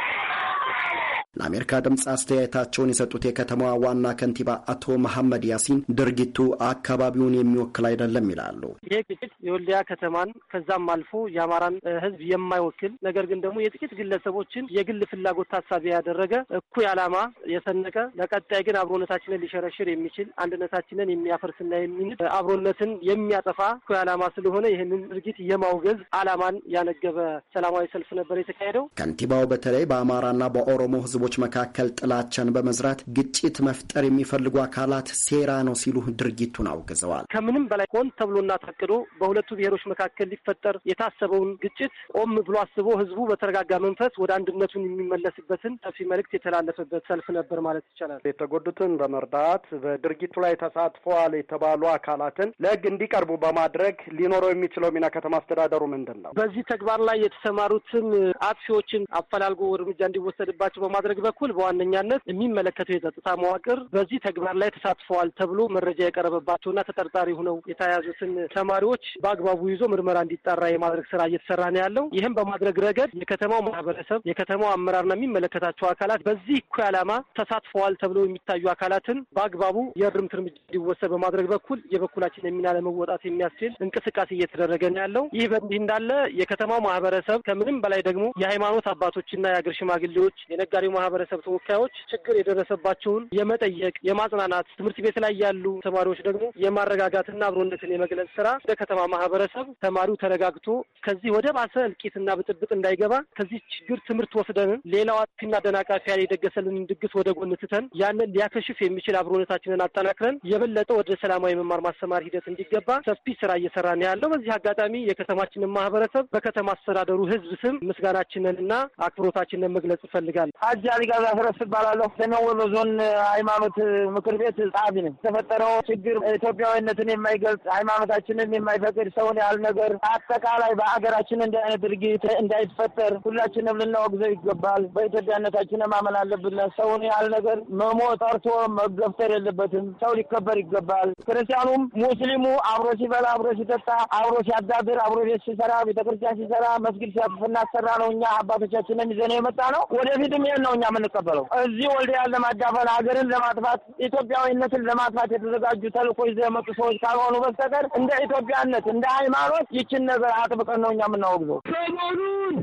ለአሜሪካ ድምፅ አስተያየታቸውን የሰጡት የከተማዋ ዋና ከንቲባ አቶ መሐመድ ያሲን ድርጊቱ አካባቢውን የሚወክል አይደለም ይላሉ። ይህ ግጭት የወልዲያ ከተማን ከዛም አልፎ የአማራን ሕዝብ የማይወክል ነገር ግን ደግሞ የጥቂት ግለሰቦችን የግል ፍላጎት ታሳቢ ያደረገ እኩይ ዓላማ የሰነቀ ለቀጣይ ግን አብሮነታችንን ሊሸረሽር የሚችል አንድነታችንን የሚያፈርስና የሚንድ አብሮነትን የሚያጠፋ እኩይ ዓላማ ስለሆነ ይህንን ድርጊት የማውገዝ ዓላማን ያነገበ ሰላማዊ ሰልፍ ነበር የተካሄደው። ከንቲባው በተለይ በአማራና በኦሮሞ ሕዝቦ በሰዎች መካከል ጥላቻን በመዝራት ግጭት መፍጠር የሚፈልጉ አካላት ሴራ ነው ሲሉ ድርጊቱን አውግዘዋል። ከምንም በላይ ሆን ተብሎና ታቅዶ በሁለቱ ብሔሮች መካከል ሊፈጠር የታሰበውን ግጭት ቆም ብሎ አስቦ ህዝቡ በተረጋጋ መንፈስ ወደ አንድነቱን የሚመለስበትን ሰፊ መልእክት የተላለፈበት ሰልፍ ነበር ማለት ይቻላል። የተጎዱትን በመርዳት በድርጊቱ ላይ ተሳትፈዋል የተባሉ አካላትን ለህግ እንዲቀርቡ በማድረግ ሊኖረው የሚችለው ሚና ከተማ አስተዳደሩ ምንድን ነው? በዚህ ተግባር ላይ የተሰማሩትን አጥፊዎችን አፈላልጎ እርምጃ እንዲወሰድባቸው በማድረግ በማድረግ በኩል በዋነኛነት የሚመለከተው የጸጥታ መዋቅር በዚህ ተግባር ላይ ተሳትፈዋል ተብሎ መረጃ የቀረበባቸውና ተጠርጣሪ ሆነው የተያያዙትን ተማሪዎች በአግባቡ ይዞ ምርመራ እንዲጣራ የማድረግ ስራ እየተሰራ ነው ያለው። ይህም በማድረግ ረገድ የከተማው ማህበረሰብ፣ የከተማው አመራርና የሚመለከታቸው አካላት በዚህ እኩ ዓላማ ተሳትፈዋል ተብሎ የሚታዩ አካላትን በአግባቡ የእርምት እርምጃ እንዲወሰድ በማድረግ በኩል የበኩላችን የሚና ለመወጣት የሚያስችል እንቅስቃሴ እየተደረገ ነው ያለው። ይህ በእንዲህ እንዳለ የከተማው ማህበረሰብ ከምንም በላይ ደግሞ የሃይማኖት አባቶችና የአገር ሽማግሌዎች፣ የነጋዴው ማህበረሰብ ተወካዮች ችግር የደረሰባቸውን የመጠየቅ የማጽናናት፣ ትምህርት ቤት ላይ ያሉ ተማሪዎች ደግሞ የማረጋጋትና አብሮነትን የመግለጽ ስራ እንደ ከተማ ማህበረሰብ ተማሪው ተረጋግቶ ከዚህ ወደ ባሰ እልቂትና ብጥብጥ እንዳይገባ ከዚህ ችግር ትምህርት ወስደን ሌላው አጥፊና ደናቃፊ ያለ የደገሰልንን ድግስ ወደ ጎን ትተን ያንን ሊያከሽፍ የሚችል አብሮነታችንን አጠናክረን የበለጠ ወደ ሰላማዊ መማር ማስተማር ሂደት እንዲገባ ሰፊ ስራ እየሰራ ነው ያለው። በዚህ አጋጣሚ የከተማችንን ማህበረሰብ በከተማ አስተዳደሩ ህዝብ ስም ምስጋናችንን እና አክብሮታችንን መግለጽ እፈልጋለሁ። አጃ ሻሊጋ ዛፍረስ እባላለሁ። ሰሜን ወሎ ዞን ሃይማኖት ምክር ቤት ጸሐፊ ነኝ። የተፈጠረው ችግር ኢትዮጵያዊነትን የማይገልጽ ሃይማኖታችንን የማይፈቅድ ሰውን ያህል ነገር አጠቃላይ በሀገራችን እንዲህ አይነት ድርጊት እንዳይፈጠር ሁላችንም ልናወግዘው ይገባል። በኢትዮጵያነታችን ማመን አለብን። ሰውን ያህል ነገር መሞ ጠርቶ መገፍተር የለበትም። ሰው ሊከበር ይገባል። ክርስቲያኑም ሙስሊሙ አብሮ ሲበላ፣ አብሮ ሲጠጣ፣ አብሮ ሲያዳድር፣ አብሮ ቤት ሲሰራ፣ ቤተክርስቲያን ሲሰራ፣ መስጊድ ሲያፍፍና ሰራ ነው እኛ አባቶቻችንን ይዘነው የመጣ ነው። ወደፊትም ይሄን ነው የምንቀበለው። እዚህ ወልዲያን ለማዳፈን ሀገርን ለማጥፋት ኢትዮጵያዊነትን ለማጥፋት የተዘጋጁ ተልእኮ ይዘው የመጡ ሰዎች ካልሆኑ በስተቀር እንደ ኢትዮጵያነት እንደ ሃይማኖት ይችን ነገር አጥብቀን ነው እኛ የምናወግዘው። ሰሞኑን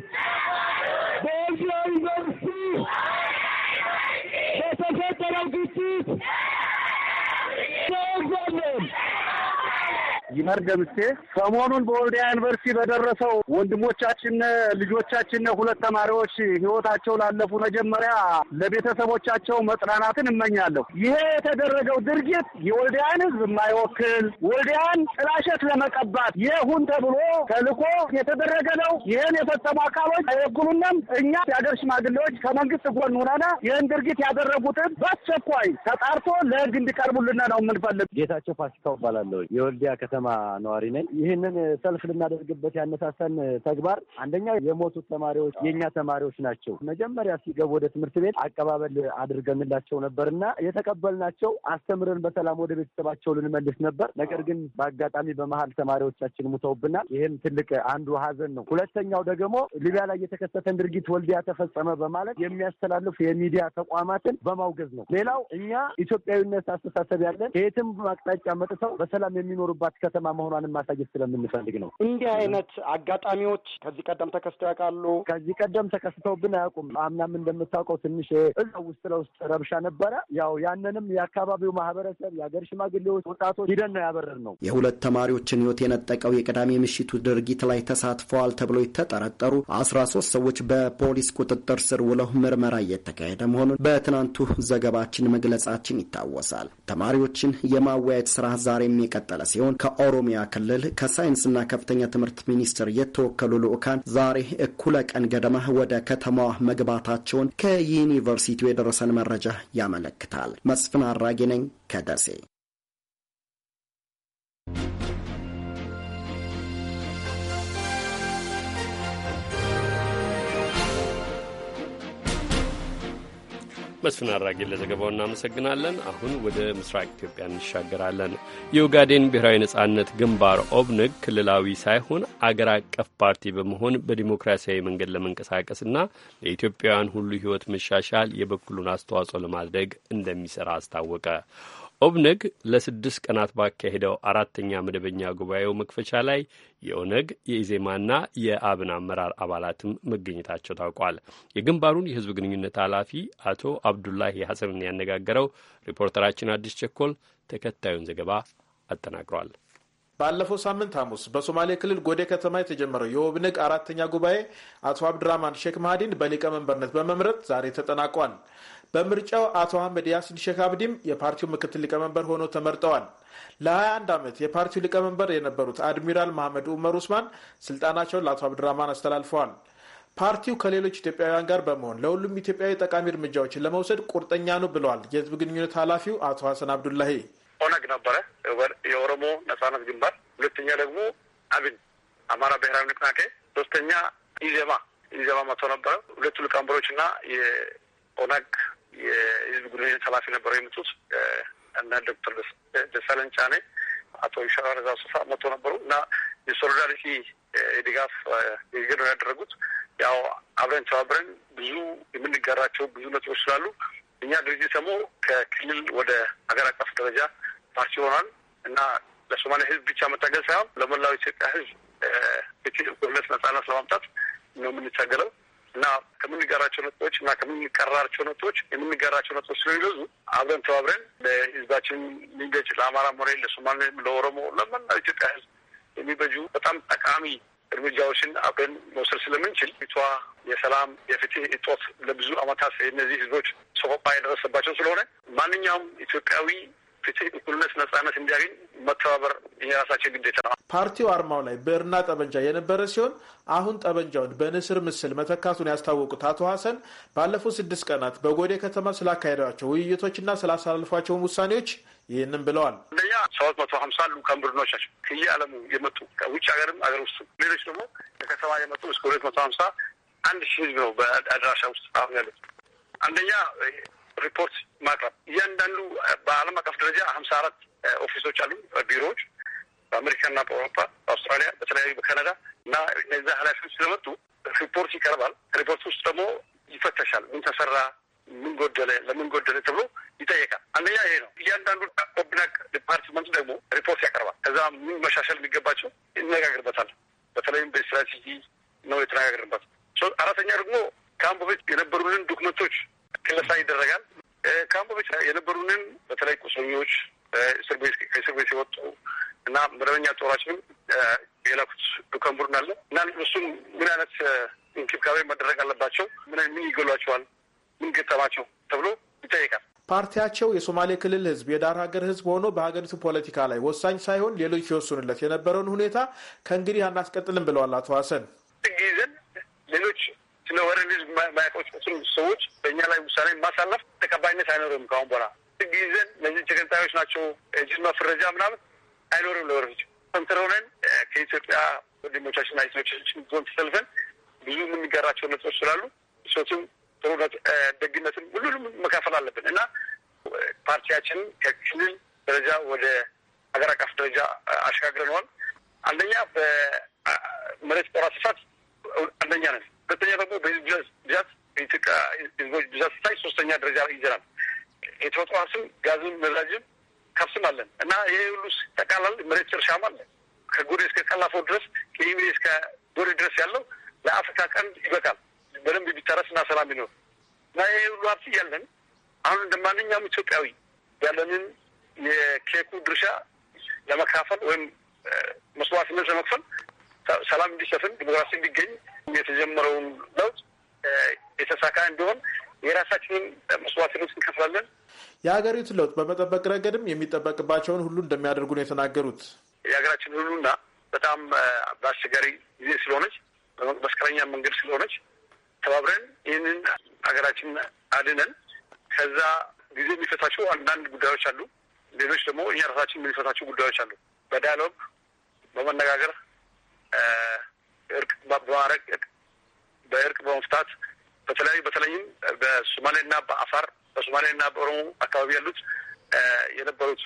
ዩኒቨርሲቲ በተፈጠረው ግጭት ይመር ደምሴ ሰሞኑን በወልዲያ ዩኒቨርሲቲ በደረሰው ወንድሞቻችን ልጆቻችን ሁለት ተማሪዎች ህይወታቸው ላለፉ መጀመሪያ ለቤተሰቦቻቸው መጽናናትን እመኛለሁ። ይሄ የተደረገው ድርጊት የወልዲያን ህዝብ የማይወክል ወልዲያን ጥላሸት ለመቀባት ይሁን ተብሎ ተልኮ የተደረገ ነው። ይህን የፈጸሙ አካሎች አይወክሉንም። እኛ የሀገር ሽማግሌዎች ከመንግስት ጎን ሆነና ይህን ድርጊት ያደረጉትን በአስቸኳይ ተጣርቶ ለህግ እንዲቀርቡልን ነው የምንፈልግ። ጌታቸው ፋሲካው እባላለሁ። የወልዲያ ከተማ ከተማ ነዋሪ ነኝ። ይህንን ሰልፍ ልናደርግበት ያነሳሳን ተግባር አንደኛ የሞቱት ተማሪዎች የእኛ ተማሪዎች ናቸው። መጀመሪያ ሲገቡ ወደ ትምህርት ቤት አቀባበል አድርገንላቸው ነበር የተቀበልናቸው አስተምረን በሰላም ወደ ቤተሰባቸው ልንመልስ ነበር። ነገር ግን በአጋጣሚ በመሀል ተማሪዎቻችን ሙተውብናል። ይህም ትልቅ አንዱ ሀዘን ነው። ሁለተኛው ደግሞ ሊቢያ ላይ የተከሰተን ድርጊት ወልዲያ ተፈጸመ በማለት የሚያስተላልፉ የሚዲያ ተቋማትን በማውገዝ ነው። ሌላው እኛ ኢትዮጵያዊነት አስተሳሰብ ያለን ከየትም አቅጣጫ መጥተው በሰላም የሚኖሩባት ከተማ መሆኗንም ማሳየት ስለምንፈልግ ነው። እንዲህ አይነት አጋጣሚዎች ከዚህ ቀደም ተከስተው ያውቃሉ? ከዚህ ቀደም ተከስተውብን አያውቁም። አምናም እንደምታውቀው ትንሽ እዛው ውስጥ ለውስጥ ረብሻ ነበረ። ያው ያንንም የአካባቢው ማህበረሰብ፣ የሀገር ሽማግሌዎች፣ ወጣቶች ሂደን ነው ያበረር ነው። የሁለት ተማሪዎችን ህይወት የነጠቀው የቅዳሜ ምሽቱ ድርጊት ላይ ተሳትፈዋል ተብሎ የተጠረጠሩ አስራ ሶስት ሰዎች በፖሊስ ቁጥጥር ስር ውለው ምርመራ እየተካሄደ መሆኑን በትናንቱ ዘገባችን መግለጻችን ይታወሳል። ተማሪዎችን የማወያየት ስራ ዛሬም የቀጠለ ሲሆን ከ በኦሮሚያ ክልል ከሳይንስና ከፍተኛ ትምህርት ሚኒስቴር የተወከሉ ልዑካን ዛሬ እኩለ ቀን ገደማ ወደ ከተማዋ መግባታቸውን ከዩኒቨርሲቲው የደረሰን መረጃ ያመለክታል። መስፍን አራጌ ነኝ ከደሴ መስፍን አራጌን ለዘገባው እናመሰግናለን። አሁን ወደ ምስራቅ ኢትዮጵያ እንሻገራለን። የኦጋዴን ብሔራዊ ነጻነት ግንባር ኦብነግ ክልላዊ ሳይሆን አገር አቀፍ ፓርቲ በመሆን በዲሞክራሲያዊ መንገድ ለመንቀሳቀስና ለኢትዮጵያውያን ሁሉ ሕይወት መሻሻል የበኩሉን አስተዋጽኦ ለማድረግ እንደሚሰራ አስታወቀ። ኦብነግ ለስድስት ቀናት ባካሄደው አራተኛ መደበኛ ጉባኤው መክፈቻ ላይ የኦነግ የኢዜማና የአብን አመራር አባላትም መገኘታቸው ታውቋል። የግንባሩን የህዝብ ግንኙነት ኃላፊ አቶ አብዱላሂ ሐሰንን ያነጋገረው ሪፖርተራችን አዲስ ቸኮል ተከታዩን ዘገባ አጠናቅሯል። ባለፈው ሳምንት ሐሙስ በሶማሌ ክልል ጎዴ ከተማ የተጀመረው የኦብነግ አራተኛ ጉባኤ አቶ አብድራማን ሼክ ማሃዲን በሊቀመንበርነት በመምረጥ ዛሬ ተጠናቋል። በምርጫው አቶ አህመድ ያሲን ሼክ አብዲም የፓርቲው ምክትል ሊቀመንበር ሆነው ተመርጠዋል። ለ21 ዓመት የፓርቲው ሊቀመንበር የነበሩት አድሚራል መሐመድ ኡመር ኡስማን ስልጣናቸውን ለአቶ አብድራማን አስተላልፈዋል። ፓርቲው ከሌሎች ኢትዮጵያውያን ጋር በመሆን ለሁሉም ኢትዮጵያዊ ጠቃሚ እርምጃዎችን ለመውሰድ ቁርጠኛ ነው ብለዋል የህዝብ ግንኙነት ኃላፊው አቶ ሀሰን አብዱላሂ። ኦነግ ነበረ፣ የኦሮሞ ነጻነት ግንባር፣ ሁለተኛ ደግሞ አብን አማራ ብሔራዊ ንቅናቄ፣ ሶስተኛ ኢዜማ ኢዜማ መጥቶ ነበረ። ሁለቱ ሊቀመንበሮች እና የኦነግ የህዝብ ግንኙነት ኃላፊ ነበረው የመጡት እና ዶክተር ደሳለኝ ጫኔ፣ አቶ ይሻራ ረዛ ሱፋ መጥቶ ነበሩ እና የሶሊዳሪቲ የድጋፍ ንግግር ነው ያደረጉት። ያው አብረን ተባብረን ብዙ የምንጋራቸው ብዙ ነጥቦች ስላሉ እኛ ድርጅት ደግሞ ከክልል ወደ ሀገር አቀፍ ደረጃ ፓርቲ ሆኗል እና ለሶማሌ ህዝብ ብቻ መታገል ሳይሆን ለመላው ኢትዮጵያ ህዝብ እኩልነት፣ ነጻነት ለማምጣት ነው የምንታገለው። እና ከምንጋራቸው ነጥቦች እና ከምንቀራራቸው ነጥቦች የምንጋራቸው ነጥቦች ስለሚበዙ አብረን ተባብረን ለህዝባችን ሚንገጭ ለአማራ ሞሬ፣ ለሶማሌም፣ ለኦሮሞ ለመላ ኢትዮጵያ ህዝብ የሚበጁ በጣም ጠቃሚ እርምጃዎችን አብረን መውሰድ ስለምንችል ቷ የሰላም የፍትህ እጦት ለብዙ አመታት የእነዚህ ህዝቦች ሰቆቃ የደረሰባቸው ስለሆነ ማንኛውም ኢትዮጵያዊ ፍትህ፣ እኩልነት፣ ነጻነት እንዲያገኝ መተባበር የራሳቸው ግዴታ ነው። ፓርቲው አርማው ላይ ብዕርና ጠመንጃ የነበረ ሲሆን አሁን ጠመንጃውን በንስር ምስል መተካቱን ያስታወቁት አቶ ሀሰን ባለፉት ስድስት ቀናት በጎዴ ከተማ ስላካሄዷቸው ውይይቶችና ስላሳልፏቸውን ውሳኔዎች ይህንም ብለዋል። አንደኛ ሰባት መቶ ሀምሳ ልኡካን ቡድኖች ናቸው አለሙ የመጡ ከውጭ ሀገርም ሀገር ውስጥ ሌሎች ደግሞ ከከተማ የመጡ እስከ ሁለት መቶ ሀምሳ አንድ ሺህ ህዝብ ነው በአድራሻ ውስጥ አሁን ያለ አንደኛ ሪፖርት ማቅረብ እያንዳንዱ በዓለም አቀፍ ደረጃ ሀምሳ አራት ኦፊሶች አሉ ቢሮዎች በአሜሪካና በአውሮፓ በአውስትራሊያ፣ በተለያዩ በካናዳ እና እነዛ ኃላፊዎች ስለመጡ ሪፖርት ይቀርባል። ሪፖርት ውስጥ ደግሞ ይፈተሻል። ምን ተሰራ፣ ምን ጎደለ፣ ለምን ጎደለ ተብሎ ይጠየቃል። አንደኛ ይሄ ነው። እያንዳንዱ ኮብናቅ ዲፓርትመንት ደግሞ ሪፖርት ያቀርባል። ከዛ ምን መሻሻል የሚገባቸው ይነጋገርበታል። በተለይም በስትራቴጂ ነው የተነጋገርበት። አራተኛ ደግሞ ከአንቡ ቤት የነበሩልን ዶክመንቶች ክለሳ ይደረጋል። ካምፖ ብቻ የነበሩንን በተለይ ቁስለኞች ከእስር ቤት ሲወጡ እና መደበኛ ጦራችንም የላኩት ዱካን አለ እና እሱም ምን አይነት እንክብካቤ መደረግ አለባቸው፣ ምን ምን ይገሏቸዋል፣ ምን ገጠማቸው ተብሎ ይጠይቃል። ፓርቲያቸው የሶማሌ ክልል ህዝብ የዳር ሀገር ህዝብ ሆኖ በሀገሪቱ ፖለቲካ ላይ ወሳኝ ሳይሆን ሌሎች ሲወስኑለት የነበረውን ሁኔታ ከእንግዲህ አናስቀጥልም ብለዋል አቶ ሀሰን። ሌሎች ስለ ህዝብ ማያቆጭ ሰዎች በእኛ ላይ ውሳኔ ማሳለፍ ተቀባይነት አይኖርም። ከአሁን በኋላ ህግ ይዘን እነዚህ ተገንጣዮች ናቸው እጅ መፍረጃ ምናምን አይኖርም። ለወረች ሰንትር ሆነን ከኢትዮጵያ ወንድሞቻችንና እህቶቻችን ጎን ተሰልፈን ብዙ የምንገራቸው ነጥቦች ስላሉ እሶትም ጥሩ ደግነትን ሁሉንም መካፈል አለብን እና ፓርቲያችን ከክልል ደረጃ ወደ ሀገር አቀፍ ደረጃ አሸጋግረነዋል። አንደኛ በመሬት ቆራ ስፋት አንደኛ ነን። ሁለተኛ ደግሞ በህዝብ ብዛት የኢትዮጵያ ህዝቦች ብዛት ስታይ ሶስተኛ ደረጃ ላይ ይዘናል። የተፈጥሮ ሀብትም ጋዝም ነዳጅም ከብስም አለን እና ይሄ ሁሉ ጠቃላል መሬት እርሻም አለ። ከጎሬ እስከ ቀላፎ ድረስ ከኢሜ እስከ ጎሬ ድረስ ያለው ለአፍሪካ ቀንድ ይበቃል በደንብ ቢታረስ እና ሰላም ይኖር እና ይሄ ሁሉ ሀብት እያለን አሁን እንደ ማንኛውም ኢትዮጵያዊ ያለንን የኬኩ ድርሻ ለመካፈል ወይም መስዋዕትነት ለመክፈል ሰላም እንዲሰፍን ዲሞክራሲ እንዲገኝ የተጀመረውን ለውጥ የተሳካ እንዲሆን የራሳችንን መስዋዕትነት እንከፍላለን። የሀገሪቱን ለውጥ በመጠበቅ ረገድም የሚጠበቅባቸውን ሁሉ እንደሚያደርጉ ነው የተናገሩት። የሀገራችን ሁሉና በጣም በአስቸጋሪ ጊዜ ስለሆነች፣ መስቀለኛ መንገድ ስለሆነች ተባብረን ይህንን ሀገራችን አድነን ከዛ ጊዜ የሚፈታቸው አንዳንድ ጉዳዮች አሉ። ሌሎች ደግሞ እኛ ራሳችን የምንፈታቸው ጉዳዮች አሉ። በዳያሎግ በመነጋገር እርቅ በማድረግ በእርቅ በመፍታት በተለያዩ በተለይም በሶማሌና በአፋር በሶማሌና በኦሮሞ አካባቢ ያሉት የነበሩት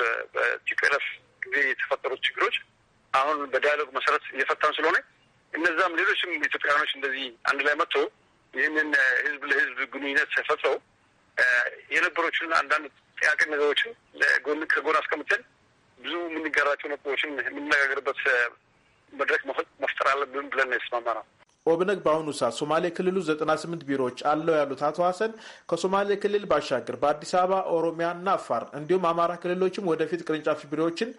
ቲፒኤልኤፍ ጊዜ የተፈጠሩት ችግሮች አሁን በዳያሎግ መሰረት እየፈታን ስለሆነ እነዛም ሌሎችም ኢትዮጵያውያኖች እንደዚህ አንድ ላይ መጥቶ ይህንን ህዝብ ለህዝብ ግንኙነት ፈጥረው የነበሮችን አንዳንድ ጥያቄ ነገሮችን ለጎን ከጎን አስቀምጠን ብዙ የምንጋራቸው ነጥቦችን የምንነጋገርበት መድረክ መፍጠር አለብን ብለን ነው የተስማማ ነው። ኦብነግ በአሁኑ ሰዓት ሶማሌ ክልሉ 98 ቢሮዎች አለው ያሉት አቶ ሀሰን ከሶማሌ ክልል ባሻገር በአዲስ አበባ፣ ኦሮሚያ እና አፋር እንዲሁም አማራ ክልሎችም ወደፊት ቅርንጫፍ ቢሮዎችን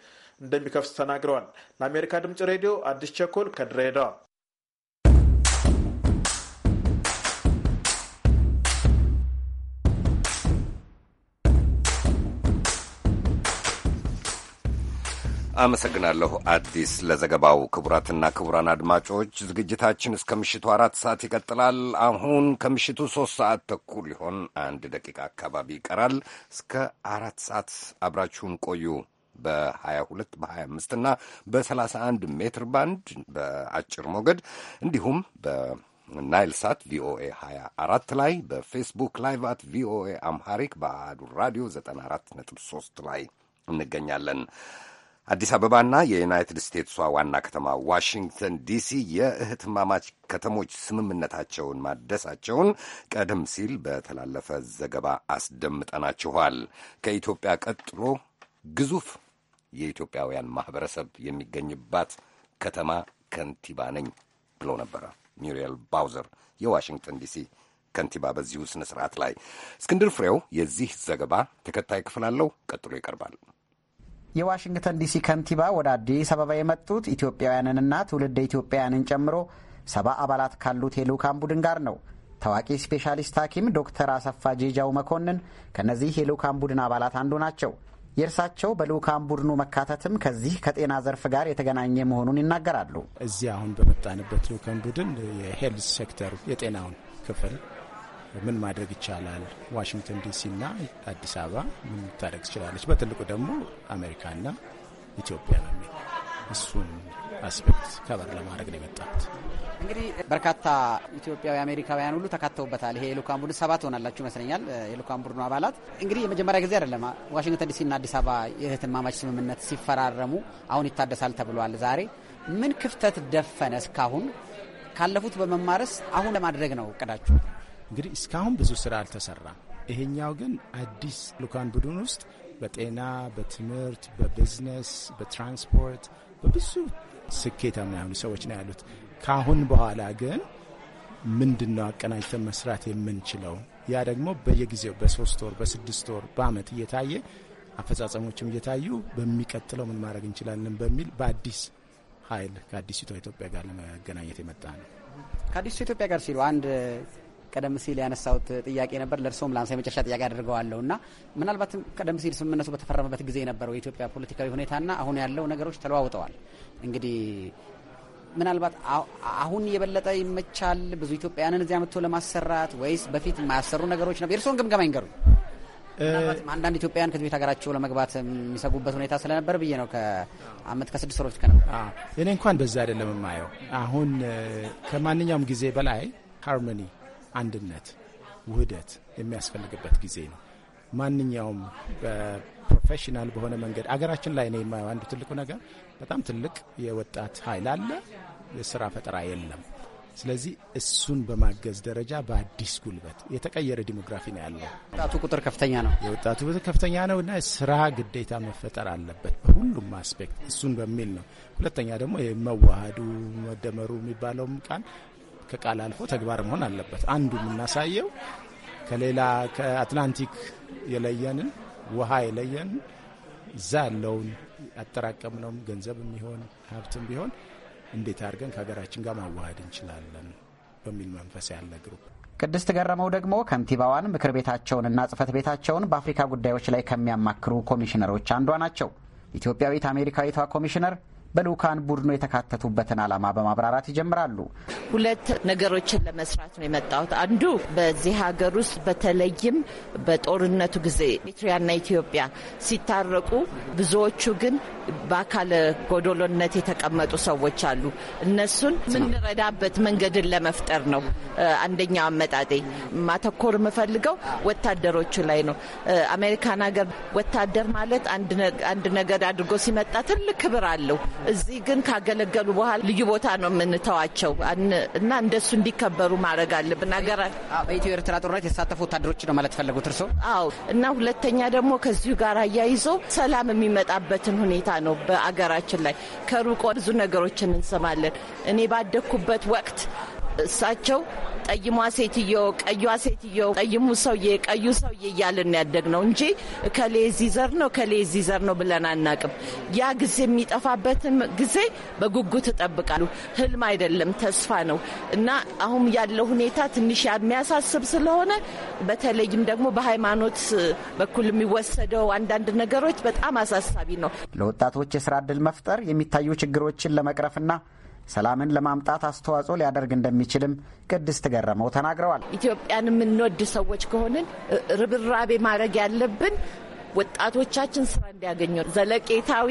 እንደሚከፍት ተናግረዋል። ለአሜሪካ ድምጽ ሬዲዮ አዲስ ቸኮል ከድሬዳዋ አመሰግናለሁ አዲስ ለዘገባው። ክቡራትና ክቡራን አድማጮች ዝግጅታችን እስከ ምሽቱ አራት ሰዓት ይቀጥላል። አሁን ከምሽቱ ሶስት ሰዓት ተኩል ሊሆን አንድ ደቂቃ አካባቢ ይቀራል። እስከ አራት ሰዓት አብራችሁን ቆዩ። በ22 በ25 እና በ31 ሜትር ባንድ በአጭር ሞገድ እንዲሁም በናይል ሳት ቪኦኤ 24 ላይ በፌስቡክ ላይቭ አት ቪኦኤ አምሃሪክ በአሃዱ ራዲዮ 94.3 ላይ እንገኛለን። አዲስ አበባና የዩናይትድ ስቴትሷ ዋና ከተማ ዋሽንግተን ዲሲ የእህትማማች ከተሞች ስምምነታቸውን ማደሳቸውን ቀደም ሲል በተላለፈ ዘገባ አስደምጠናችኋል። ከኢትዮጵያ ቀጥሎ ግዙፍ የኢትዮጵያውያን ማህበረሰብ የሚገኝባት ከተማ ከንቲባ ነኝ ብሎ ነበረ ሚሪየል ባውዘር የዋሽንግተን ዲሲ ከንቲባ። በዚሁ ስነ ስርዓት ላይ እስክንድር ፍሬው የዚህ ዘገባ ተከታይ ክፍል አለው፣ ቀጥሎ ይቀርባል። የዋሽንግተን ዲሲ ከንቲባ ወደ አዲስ አበባ የመጡት ኢትዮጵያውያንንና ትውልደ ኢትዮጵያውያንን ጨምሮ ሰባ አባላት ካሉት የልዑካን ቡድን ጋር ነው። ታዋቂ ስፔሻሊስት ሐኪም ዶክተር አሰፋ ጄጃው መኮንን ከእነዚህ የልዑካን ቡድን አባላት አንዱ ናቸው። የእርሳቸው በልዑካን ቡድኑ መካተትም ከዚህ ከጤና ዘርፍ ጋር የተገናኘ መሆኑን ይናገራሉ። እዚህ አሁን በመጣንበት ልዑካን ቡድን የሄልዝ ሴክተር የጤናውን ክፍል ምን ማድረግ ይቻላል፣ ዋሽንግተን ዲሲና አዲስ አበባ ምን ታደረግ ትችላለች፣ በትልቁ ደግሞ አሜሪካና ኢትዮጵያ በሚል እሱን አስፔክት ከበር ለማድረግ ነው የመጣት። እንግዲህ በርካታ ኢትዮጵያዊ አሜሪካውያን ሁሉ ተካተውበታል። ይሄ የልኡካን ቡድን ሰባት ሆናላችሁ ይመስለኛል። የልኡካን ቡድኑ አባላት እንግዲህ የመጀመሪያ ጊዜ አይደለም። ዋሽንግተን ዲሲና አዲስ አበባ የእህትማማች ስምምነት ሲፈራረሙ አሁን ይታደሳል ተብሏል። ዛሬ ምን ክፍተት ደፈነ? እስካሁን ካለፉት በመማረስ አሁን ለማድረግ ነው እቅዳችሁ? እንግዲህ እስካሁን ብዙ ስራ አልተሰራም። ይሄኛው ግን አዲስ ልኡካን ቡድን ውስጥ በጤና፣ በትምህርት፣ በቢዝነስ፣ በትራንስፖርት በብዙ ስኬታማ የሆኑ ሰዎች ነው ያሉት። ከአሁን በኋላ ግን ምንድን ነው አቀናጅተን መስራት የምንችለው? ያ ደግሞ በየጊዜው በሶስት ወር፣ በስድስት ወር፣ በአመት እየታየ አፈጻጸሞችም እየታዩ በሚቀጥለው ምን ማድረግ እንችላለን በሚል በአዲስ ኃይል ከአዲሲቷ ኢትዮጵያ ጋር ለመገናኘት የመጣ ነው። ከአዲሲቷ ኢትዮጵያ ጋር ሲሉ አንድ ቀደም ሲል ያነሳሁት ጥያቄ ነበር። ለእርስዎም ለአንሳ የመጨረሻ ጥያቄ አድርገዋለሁ እና ምናልባትም ቀደም ሲል ስምምነቱ በተፈረመበት ጊዜ የነበረው የኢትዮጵያ ፖለቲካዊ ሁኔታና አሁን ያለው ነገሮች ተለዋውጠዋል። እንግዲህ ምናልባት አሁን የበለጠ ይመቻል ብዙ ኢትዮጵያውያንን እዚያ መጥቶ ለማሰራት ወይስ በፊት የማያሰሩ ነገሮች ነበር? የእርስዎን ግምገማ ይንገሩኝ። አንዳንድ ኢትዮጵያውያን ከዚህ ቤት ሀገራቸው ለመግባት የሚሰጉበት ሁኔታ ስለነበር ብዬ ነው። ከአመት ከስድስት ወሮች ከነ እኔ እንኳን በዛ አይደለም የማየው። አሁን ከማንኛውም ጊዜ በላይ ሃርሞኒ አንድነት፣ ውህደት የሚያስፈልግበት ጊዜ ነው። ማንኛውም ፕሮፌሽናል በሆነ መንገድ አገራችን ላይ ነው የማየው አንዱ ትልቁ ነገር በጣም ትልቅ የወጣት ኃይል አለ፣ የስራ ፈጠራ የለም። ስለዚህ እሱን በማገዝ ደረጃ በአዲስ ጉልበት የተቀየረ ዲሞግራፊ ነው ያለው። ወጣቱ ቁጥር ከፍተኛ ነው፣ የወጣቱ ቁጥር ከፍተኛ ነው እና ስራ ግዴታ መፈጠር አለበት በሁሉም አስፔክት እሱን በሚል ነው። ሁለተኛ ደግሞ የመዋሃዱ መደመሩ የሚባለውም ቃል ከቃል አልፎ ተግባር መሆን አለበት። አንዱ የምናሳየው ከሌላ ከአትላንቲክ የለየንን ውሃ የለየንን እዛ ያለውን ያጠራቀምነውም ገንዘብ የሚሆን ሀብትም ቢሆን እንዴት አድርገን ከሀገራችን ጋር ማዋሃድ እንችላለን በሚል መንፈስ ያለ ግሩፕ። ቅድስት ገረመው ደግሞ ከንቲባዋን ምክር ቤታቸውንና ጽህፈት ቤታቸውን በአፍሪካ ጉዳዮች ላይ ከሚያማክሩ ኮሚሽነሮች አንዷ ናቸው። ኢትዮጵያዊት አሜሪካዊቷ ኮሚሽነር በልኡካን ቡድኑ የተካተቱበትን ዓላማ በማብራራት ይጀምራሉ። ሁለት ነገሮችን ለመስራት ነው የመጣሁት። አንዱ በዚህ ሀገር ውስጥ በተለይም በጦርነቱ ጊዜ ኤርትራና ኢትዮጵያ ሲታረቁ ብዙዎቹ ግን በአካለ ጎዶሎነት የተቀመጡ ሰዎች አሉ። እነሱን የምንረዳበት መንገድን ለመፍጠር ነው አንደኛው አመጣጤ። ማተኮር የምፈልገው ወታደሮቹ ላይ ነው። አሜሪካን ሀገር ወታደር ማለት አንድ ነገር አድርጎ ሲመጣ ትልቅ ክብር አለው። እዚህ ግን ካገለገሉ በኋላ ልዩ ቦታ ነው የምንተዋቸው እና እንደሱ እንዲከበሩ ማድረግ አለብን። ሀገራ በኢትዮ ኤርትራ ጦርነት የተሳተፉ ወታደሮች ነው ማለት ፈለጉት እርሶ? አዎ። እና ሁለተኛ ደግሞ ከዚሁ ጋር አያይዞ ሰላም የሚመጣበትን ሁኔታ ነው በአገራችን ላይ ከሩቆ ብዙ ነገሮችን እንሰማለን። እኔ ባደግኩበት ወቅት እሳቸው ጠይሟ ሴትዮ፣ ቀዩዋ ሴትዮ፣ ጠይሙ ሰውዬ፣ ቀዩ ሰውዬ እያልን ያደግ ነው እንጂ እከሌ እዚህ ዘር ነው እከሌ እዚህ ዘር ነው ብለን አናቅም። ያ ጊዜ የሚጠፋበትም ጊዜ በጉጉት እጠብቃሉ። ህልም አይደለም ተስፋ ነው እና አሁን ያለው ሁኔታ ትንሽ የሚያሳስብ ስለሆነ በተለይም ደግሞ በሃይማኖት በኩል የሚወሰደው አንዳንድ ነገሮች በጣም አሳሳቢ ነው። ለወጣቶች የስራ ድል መፍጠር የሚታዩ ችግሮችን ለመቅረፍና ሰላምን ለማምጣት አስተዋጽኦ ሊያደርግ እንደሚችልም ቅድስት ገረመው ተናግረዋል። ኢትዮጵያን የምንወድ ሰዎች ከሆንን ርብራቤ ማድረግ ያለብን ወጣቶቻችን ስራ እንዲያገኙ። ዘለቄታዊ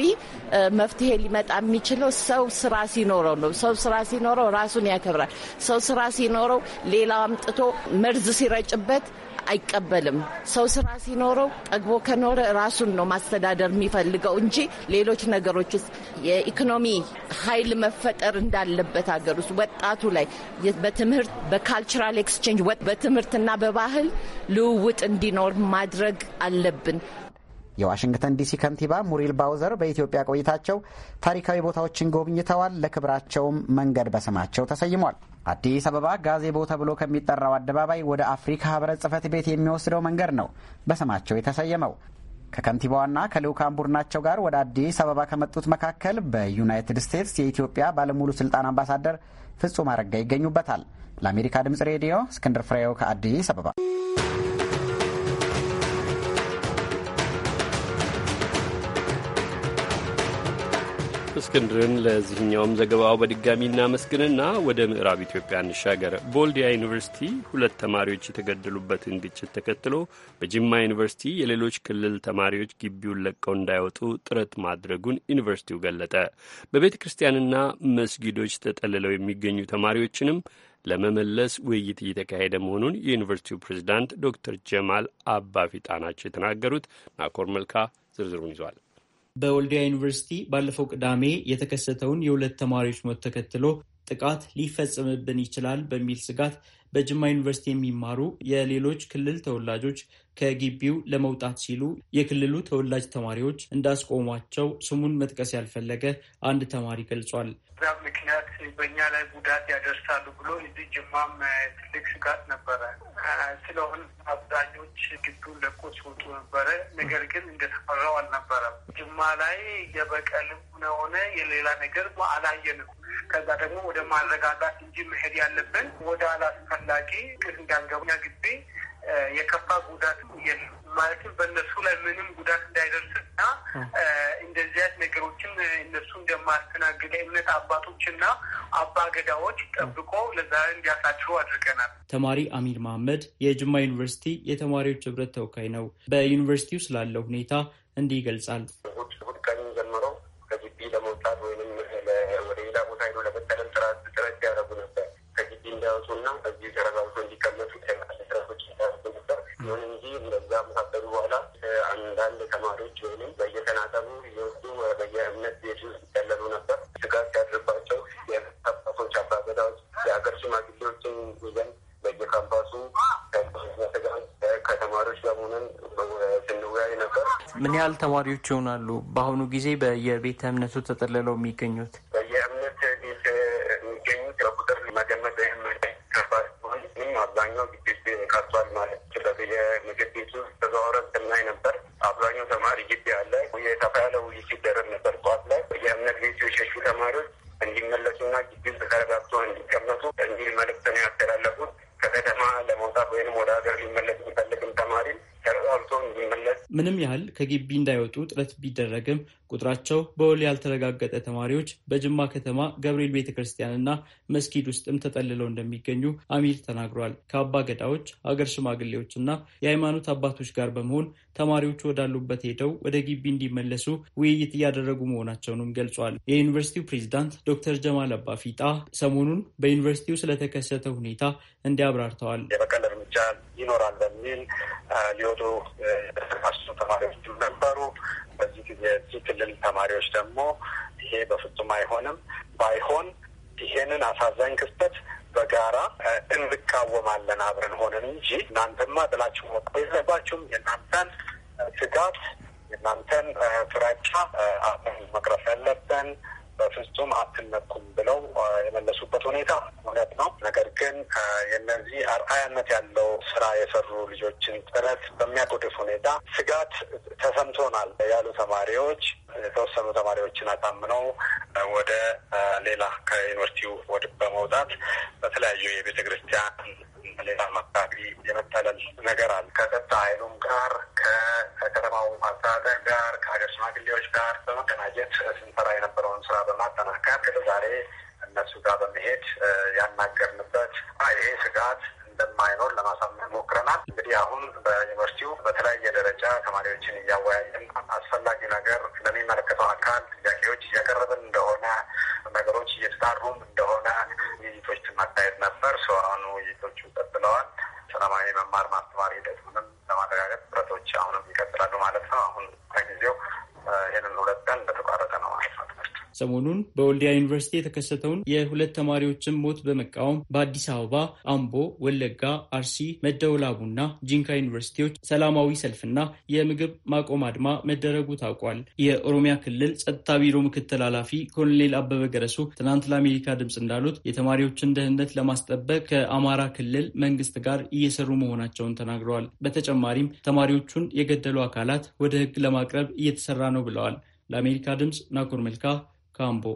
መፍትሄ ሊመጣ የሚችለው ሰው ስራ ሲኖረው ነው። ሰው ስራ ሲኖረው ራሱን ያከብራል። ሰው ስራ ሲኖረው ሌላው አምጥቶ መርዝ ሲረጭበት አይቀበልም። ሰው ስራ ሲኖረው ጠግቦ ከኖረ ራሱን ነው ማስተዳደር የሚፈልገው እንጂ ሌሎች ነገሮች ውስጥ የኢኮኖሚ ኃይል መፈጠር እንዳለበት ሀገር ውስጥ ወጣቱ ላይ በትምህርት በካልቸራል ኤክስቼንጅ በትምህርትና በባህል ልውውጥ እንዲኖር ማድረግ አለብን። የዋሽንግተን ዲሲ ከንቲባ ሙሪል ባውዘር በኢትዮጵያ ቆይታቸው ታሪካዊ ቦታዎችን ጎብኝተዋል። ለክብራቸውም መንገድ በስማቸው ተሰይሟል። አዲስ አበባ ጋዜቦ ተብሎ ከሚጠራው አደባባይ ወደ አፍሪካ ህብረት ጽህፈት ቤት የሚወስደው መንገድ ነው በስማቸው የተሰየመው። ከከንቲባዋና ከልዑካን ቡድናቸው ጋር ወደ አዲስ አበባ ከመጡት መካከል በዩናይትድ ስቴትስ የኢትዮጵያ ባለሙሉ ስልጣን አምባሳደር ፍጹም አረጋ ይገኙበታል። ለአሜሪካ ድምጽ ሬዲዮ እስክንድር ፍሬው ከአዲስ አበባ እስክንድርን ለዚህኛውም ዘገባው በድጋሚ እናመስግንና ወደ ምዕራብ ኢትዮጵያ እንሻገር። ቦልዲያ ዩኒቨርሲቲ ሁለት ተማሪዎች የተገደሉበትን ግጭት ተከትሎ በጅማ ዩኒቨርሲቲ የሌሎች ክልል ተማሪዎች ግቢውን ለቀው እንዳይወጡ ጥረት ማድረጉን ዩኒቨርሲቲው ገለጠ። በቤተ ክርስቲያንና መስጊዶች ተጠልለው የሚገኙ ተማሪዎችንም ለመመለስ ውይይት እየተካሄደ መሆኑን የዩኒቨርሲቲው ፕሬዚዳንት ዶክተር ጀማል አባፊጣ ናቸው የተናገሩት። ናኮር መልካ ዝርዝሩን ይዟል። በወልዲያ ዩኒቨርሲቲ ባለፈው ቅዳሜ የተከሰተውን የሁለት ተማሪዎች ሞት ተከትሎ ጥቃት ሊፈጸምብን ይችላል በሚል ስጋት በጅማ ዩኒቨርሲቲ የሚማሩ የሌሎች ክልል ተወላጆች ከግቢው ለመውጣት ሲሉ የክልሉ ተወላጅ ተማሪዎች እንዳስቆሟቸው ስሙን መጥቀስ ያልፈለገ አንድ ተማሪ ገልጿል። እዛ ምክንያት በእኛ ላይ ጉዳት ያደርሳሉ ብሎ እዚህ ጅማም ትልቅ ስጋት ነበረ። ስለሆነ አብዛኞች ግቢውን ለቆ ሲወጡ ነበረ። ነገር ግን እንደተፈራው አልነበረም። ጅማ ላይ የበቀልም ሆነ የሌላ ነገር አላየንም። ከዛ ደግሞ ወደ ማረጋጋት እንጂ መሄድ ያለብን ወደ አላስፈላጊ ቅድ እንዳንገቡኛ ግቢ የከፋ ጉዳት የለም ማለትም በእነሱ ላይ ምንም ጉዳት እንዳይደርስ እና እንደዚያት ነገሮችን እነሱ እንደማያስተናግደ እምነት አባቶች አባ ገዳዎች ጠብቆ ለዛ እንዲያሳድሩ አድርገናል። ተማሪ አሚር መሐመድ የጅማ ዩኒቨርሲቲ የተማሪዎች ህብረት ተወካይ ነው። በዩኒቨርሲቲው ስላለው ሁኔታ እንዲህ ይገልጻል። እሑድ ቀን ጀምሮ ከግቢ ለመውጣት ወይ አንዳንድ ተማሪዎች ወይም በየተናጠሉ እየወጡ በየእምነት ቤቱ ይጠለሉ ነበር። ስጋት ሲያድርባቸው የካምፓሶች አባገዳዎች፣ የሀገር ሽማግሌዎችን ይዘን በየካምፓሱ ከተማሪዎች ጋር ሆነን ስንወያይ ነበር። ምን ያህል ተማሪዎች ይሆናሉ በአሁኑ ጊዜ በየቤተ እምነቱ ተጠልለው የሚገኙት? ተጣርቶ እንዲመለስ ምንም ያህል ከግቢ እንዳይወጡ ጥረት ቢደረግም ቁጥራቸው በውል ያልተረጋገጠ ተማሪዎች በጅማ ከተማ ገብርኤል ቤተ ክርስቲያንና መስጊድ ውስጥም ተጠልለው እንደሚገኙ አሚር ተናግሯል። ከአባ ገዳዎች፣ ሀገር ሽማግሌዎችና የሃይማኖት አባቶች ጋር በመሆን ተማሪዎቹ ወዳሉበት ሄደው ወደ ግቢ እንዲመለሱ ውይይት እያደረጉ መሆናቸውንም ገልጿል። የዩኒቨርሲቲው ፕሬዚዳንት ዶክተር ጀማል አባፊጣ ሰሞኑን በዩኒቨርሲቲው ስለተከሰተ ሁኔታ እንዲያብራርተዋል። የበቀል እርምጃ ይኖራል በሚል ሊወጡ የተነሱ ተማሪዎች ነበሩ። በዚህ ጊዜ እዚህ ክልል ተማሪዎች ደግሞ ይሄ በፍጹም አይሆንም፣ ባይሆን ይሄንን አሳዛኝ ክስተት በጋራ እንቃወማለን አብረን ሆነን እንጂ እናንተማ ጥላችሁ መቆ የለባችሁም። የእናንተን ስጋት የእናንተን ፍራቻ አብረን መቅረፍ ያለብን በፍጹም አትነኩም ብለው የመለሱበት ሁኔታ እውነት ነው። ነገር ግን የነዚህ አርአያነት ያለው ስራ የሰሩ ልጆችን ጥረት በሚያጎድፍ ሁኔታ ስጋት ተሰምቶናል ያሉ ተማሪዎች የተወሰኑ ተማሪዎችን አጣምነው ወደ ሌላ ከዩኒቨርሲቲው በመውጣት በተለያዩ የቤተ ክርስቲያን ሌላም አካባቢ የመጠለል ነገር አለ። ከጸጥታ ኃይሉም ጋር ከከተማው አስተዳደር ጋር ከሀገር ሽማግሌዎች ጋር በመቀናጀት ስንሰራ የነበረውን ስራ በማጠናከር ዛሬ እነሱ ጋር በመሄድ ያናገርንበት ይሄ ስጋት እንደማይኖር ለማሳመን ሞክረናል። እንግዲህ አሁን በዩኒቨርሲቲው በተለያየ ደረጃ ተማሪዎችን እያወያየን አስፈላጊ ነገር ለሚመለከተው አካል ጥያቄዎች እያቀረብን እንደሆነ ነገሮች እየተጣሩም እንደሆነ ውይይቶች ማካሄድ ነበር። ሰው አሁን ውይይቶቹ ቀጥለዋል። ሰላማዊ መማር ማስተማር ሂደቱንም ለማረጋገጥ ጥረቶች አሁንም ይቀጥላሉ ማለት ነው። አሁን ከጊዜው ይህንን ሁለት ቀን እንደተቋረጠ ነው ማለት ነው። ሰሞኑን በወልዲያ ዩኒቨርሲቲ የተከሰተውን የሁለት ተማሪዎችን ሞት በመቃወም በአዲስ አበባ፣ አምቦ፣ ወለጋ፣ አርሲ፣ መደወላቡና ጂንካ ዩኒቨርሲቲዎች ሰላማዊ ሰልፍና የምግብ ማቆም አድማ መደረጉ ታውቋል። የኦሮሚያ ክልል ጸጥታ ቢሮ ምክትል ኃላፊ ኮሎኔል አበበ ገረሱ ትናንት ለአሜሪካ ድምፅ እንዳሉት የተማሪዎችን ደህንነት ለማስጠበቅ ከአማራ ክልል መንግስት ጋር እየሰሩ መሆናቸውን ተናግረዋል። በተጨማሪም ተማሪዎቹን የገደሉ አካላት ወደ ህግ ለማቅረብ እየተሰራ ነው ብለዋል። ለአሜሪካ ድምፅ ናኮር መልካ Campo.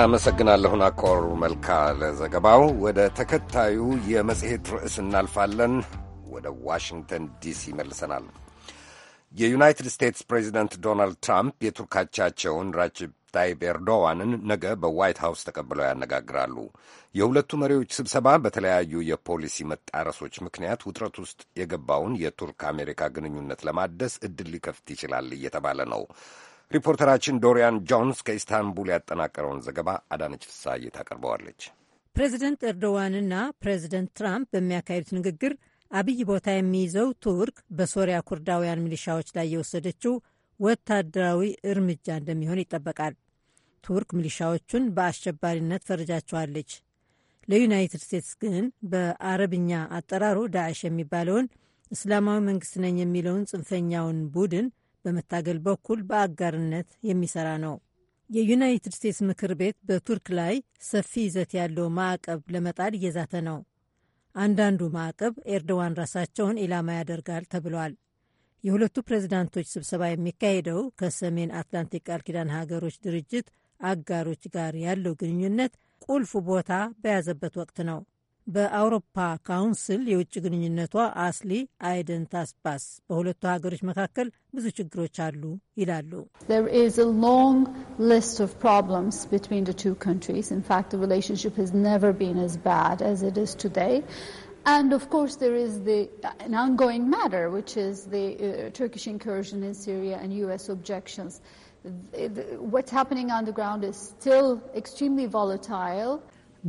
አመሰግናለሁ ናኮር መልካ ለዘገባው። ወደ ተከታዩ የመጽሔት ርዕስ እናልፋለን። ወደ ዋሽንግተን ዲሲ መልሰናል። የዩናይትድ ስቴትስ ፕሬዚደንት ዶናልድ ትራምፕ የቱርካቻቸውን ራችብ ጣይብ ኤርዶዋንን ነገ በዋይት ሀውስ ተቀብለው ያነጋግራሉ። የሁለቱ መሪዎች ስብሰባ በተለያዩ የፖሊሲ መጣረሶች ምክንያት ውጥረት ውስጥ የገባውን የቱርክ አሜሪካ ግንኙነት ለማደስ እድል ሊከፍት ይችላል እየተባለ ነው። ሪፖርተራችን ዶሪያን ጆንስ ከኢስታንቡል ያጠናቀረውን ዘገባ አዳነች ፍሳይ ታቀርበዋለች። ፕሬዚደንት ኤርዶዋንና ፕሬዚደንት ትራምፕ በሚያካሂዱት ንግግር አብይ ቦታ የሚይዘው ቱርክ በሶሪያ ኩርዳውያን ሚሊሻዎች ላይ የወሰደችው ወታደራዊ እርምጃ እንደሚሆን ይጠበቃል። ቱርክ ሚሊሻዎቹን በአሸባሪነት ፈርጃቸዋለች። ለዩናይትድ ስቴትስ ግን በአረብኛ አጠራሩ ዳዕሽ የሚባለውን እስላማዊ መንግስት ነኝ የሚለውን ጽንፈኛውን ቡድን በመታገል በኩል በአጋርነት የሚሰራ ነው። የዩናይትድ ስቴትስ ምክር ቤት በቱርክ ላይ ሰፊ ይዘት ያለው ማዕቀብ ለመጣል እየዛተ ነው። አንዳንዱ ማዕቀብ ኤርዶዋን ራሳቸውን ኢላማ ያደርጋል ተብሏል። የሁለቱ ፕሬዚዳንቶች ስብሰባ የሚካሄደው ከሰሜን አትላንቲክ ቃል ኪዳን ሀገሮች ድርጅት አጋሮች ጋር ያለው ግንኙነት ቁልፍ ቦታ በያዘበት ወቅት ነው። በአውሮፓ ካውንስል የውጭ ግንኙነቷ አስሊ አይደን ታስባስ በሁለቱ ሀገሮች መካከል ብዙ ችግሮች አሉ ይላሉ።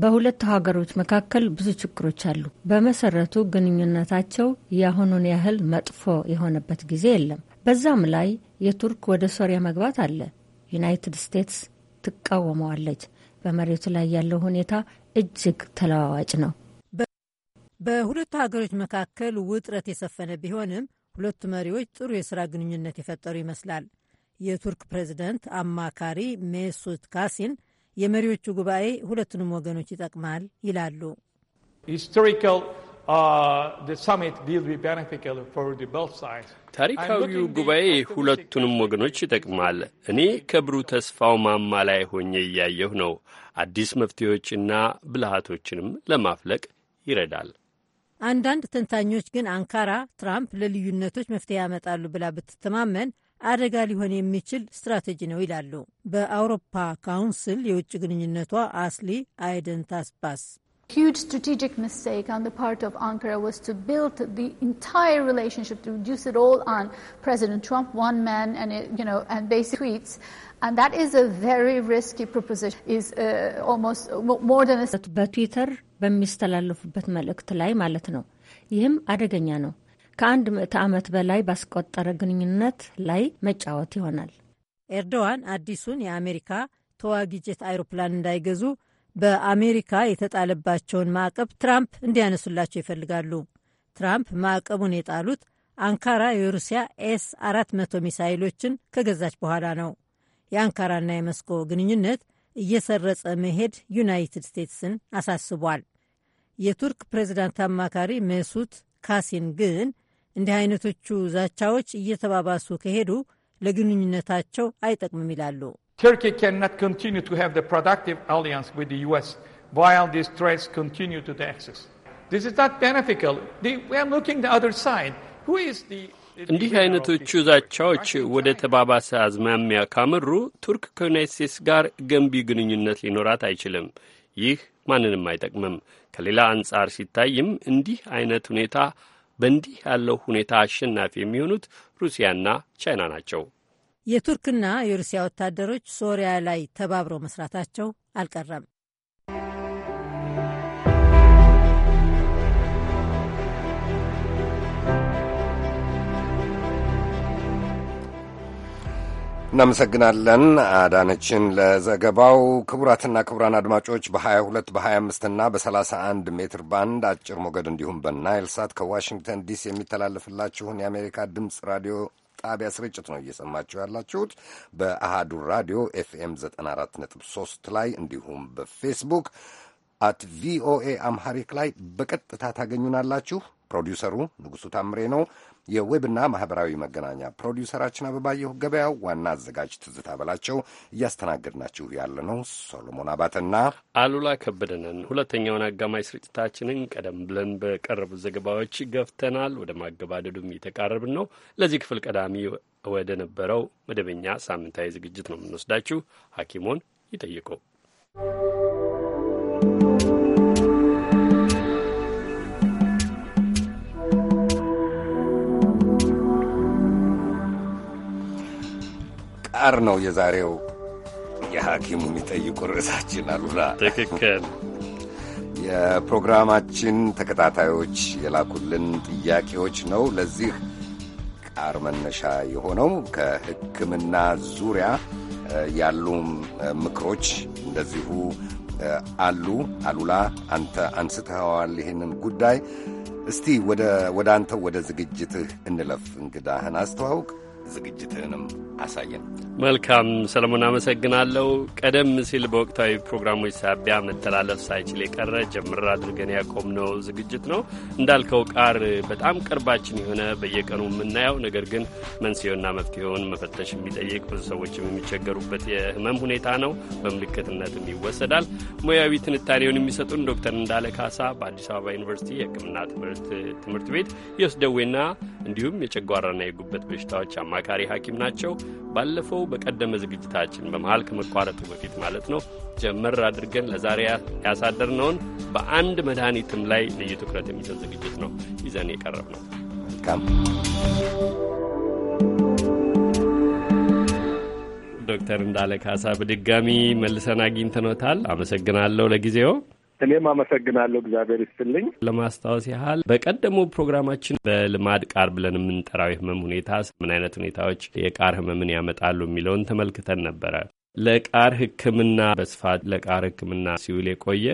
በሁለቱ ሀገሮች መካከል ብዙ ችግሮች አሉ። በመሰረቱ ግንኙነታቸው የአሁኑን ያህል መጥፎ የሆነበት ጊዜ የለም። በዛም ላይ የቱርክ ወደ ሶሪያ መግባት አለ። ዩናይትድ ስቴትስ ትቃወመዋለች። በመሬቱ ላይ ያለው ሁኔታ እጅግ ተለዋዋጭ ነው። በሁለቱ ሀገሮች መካከል ውጥረት የሰፈነ ቢሆንም ሁለቱ መሪዎች ጥሩ የስራ ግንኙነት የፈጠሩ ይመስላል። የቱርክ ፕሬዚደንት አማካሪ ሜሱት ካሲን የመሪዎቹ ጉባኤ ሁለቱንም ወገኖች ይጠቅማል ይላሉ። uh, ታሪካዊው ጉባኤ ሁለቱንም ወገኖች ይጠቅማል። እኔ ከብሩህ ተስፋው ማማ ላይ ሆኜ እያየሁ ነው። አዲስ መፍትሄዎችና ብልሃቶችንም ለማፍለቅ ይረዳል። አንዳንድ ተንታኞች ግን አንካራ ትራምፕ ለልዩነቶች መፍትሄ ያመጣሉ ብላ ብትተማመን አደጋ ሊሆን የሚችል ስትራቴጂ ነው ይላሉ በአውሮፓ ካውንስል የውጭ ግንኙነቷ አስሊ አይደንታስፓስ። በትዊተር በሚስተላለፉበት መልእክት ላይ ማለት ነው። ይህም አደገኛ ነው። ከአንድ ምዕተ ዓመት በላይ ባስቆጠረ ግንኙነት ላይ መጫወት ይሆናል። ኤርዶዋን አዲሱን የአሜሪካ ተዋጊ ጄት አይሮፕላን እንዳይገዙ በአሜሪካ የተጣለባቸውን ማዕቀብ ትራምፕ እንዲያነሱላቸው ይፈልጋሉ። ትራምፕ ማዕቀቡን የጣሉት አንካራ የሩሲያ ኤስ 400 ሚሳይሎችን ከገዛች በኋላ ነው። የአንካራና የመስኮ ግንኙነት እየሰረጸ መሄድ ዩናይትድ ስቴትስን አሳስቧል። የቱርክ ፕሬዚዳንት አማካሪ ሜሱት ካሲን ግን እንዲህ አይነቶቹ ዛቻዎች እየተባባሱ ከሄዱ ለግንኙነታቸው አይጠቅምም ይላሉ። እንዲህ አይነቶቹ ዛቻዎች ወደ ተባባሰ አዝማሚያ ካመሩ ቱርክ ከዩናይት ስቴትስ ጋር ገንቢ ግንኙነት ሊኖራት አይችልም። ይህ ማንንም አይጠቅምም። ከሌላ አንጻር ሲታይም እንዲህ አይነት ሁኔታ በእንዲህ ያለው ሁኔታ አሸናፊ የሚሆኑት ሩሲያና ቻይና ናቸው። የቱርክና የሩሲያ ወታደሮች ሶሪያ ላይ ተባብረው መስራታቸው አልቀረም። እናመሰግናለን አዳነችን ለዘገባው። ክቡራትና ክቡራን አድማጮች በ22 በ25 እና በ31 ሜትር ባንድ አጭር ሞገድ እንዲሁም በናይል ሳት ከዋሽንግተን ዲሲ የሚተላለፍላችሁን የአሜሪካ ድምፅ ራዲዮ ጣቢያ ስርጭት ነው እየሰማችሁ ያላችሁት። በአሃዱ ራዲዮ ኤፍኤም 94.3 ላይ እንዲሁም በፌስቡክ አት ቪኦኤ አምሃሪክ ላይ በቀጥታ ታገኙናላችሁ። ፕሮዲውሰሩ ንጉሡ ታምሬ ነው። የዌብና ማኅበራዊ መገናኛ ፕሮዲውሰራችን አበባየሁ ገበያው፣ ዋና አዘጋጅ ትዝታ በላቸው፣ እያስተናገድናችሁ ያለነው ሶሎሞን አባተና አሉላ ከበደንን። ሁለተኛውን አጋማሽ ስርጭታችንን ቀደም ብለን በቀረቡት ዘገባዎች ገፍተናል። ወደ ማገባደዱም እየተቃረብን ነው። ለዚህ ክፍል ቀዳሚ ወደ ነበረው መደበኛ ሳምንታዊ ዝግጅት ነው የምንወስዳችሁ። ሐኪሞን ይጠይቁ ዳዕር ነው የዛሬው የሐኪሙን የሚጠይቁ ርዕሳችን። አሉላ ትክክል። የፕሮግራማችን ተከታታዮች የላኩልን ጥያቄዎች ነው ለዚህ ቃር መነሻ የሆነው ከሕክምና ዙሪያ ያሉ ምክሮች እንደዚሁ አሉ። አሉላ አንተ አንስተኸዋል ይህንን ጉዳይ። እስቲ ወደ አንተ ወደ ዝግጅትህ እንለፍ። እንግዳህን አስተዋውቅ። ዝግጅትህንም አሳየን። መልካም ሰለሞን፣ አመሰግናለሁ። ቀደም ሲል በወቅታዊ ፕሮግራሞች ሳቢያ መተላለፍ ሳይችል የቀረ ጀምር አድርገን ያቆምነው ዝግጅት ነው። እንዳልከው ቃር በጣም ቅርባችን የሆነ በየቀኑ የምናየው ነገር ግን መንስኤውና መፍትሄውን መፈተሽ የሚጠይቅ ብዙ ሰዎችም የሚቸገሩበት የህመም ሁኔታ ነው። በምልክትነትም ይወሰዳል። ሙያዊ ትንታኔውን የሚሰጡን ዶክተር እንዳለ ካሳ በአዲስ አበባ ዩኒቨርሲቲ የህክምና ትምህርት ቤት የውስጥ ደዌና እንዲሁም የጨጓራና የጉበት በሽታዎች አማካሪ ሐኪም ናቸው። ባለፈው በቀደመ ዝግጅታችን በመሃል ከመቋረጡ በፊት ማለት ነው ጀመር አድርገን ለዛሬ ያሳደርነውን በአንድ መድኃኒትም ላይ ልዩ ትኩረት የሚሰጥ ዝግጅት ነው ይዘን የቀረብ ነው። ዶክተር እንዳለ ካሳ በድጋሚ መልሰን አግኝተኖታል። አመሰግናለሁ ለጊዜው። እኔም አመሰግናለሁ። እግዚአብሔር ይስጥልኝ። ለማስታወስ ያህል በቀደሙ ፕሮግራማችን በልማድ ቃር ብለን የምንጠራው የህመም ሁኔታ ምን አይነት ሁኔታዎች የቃር ህመምን ያመጣሉ የሚለውን ተመልክተን ነበረ። ለቃር ህክምና በስፋት ለቃር ህክምና ሲውል የቆየ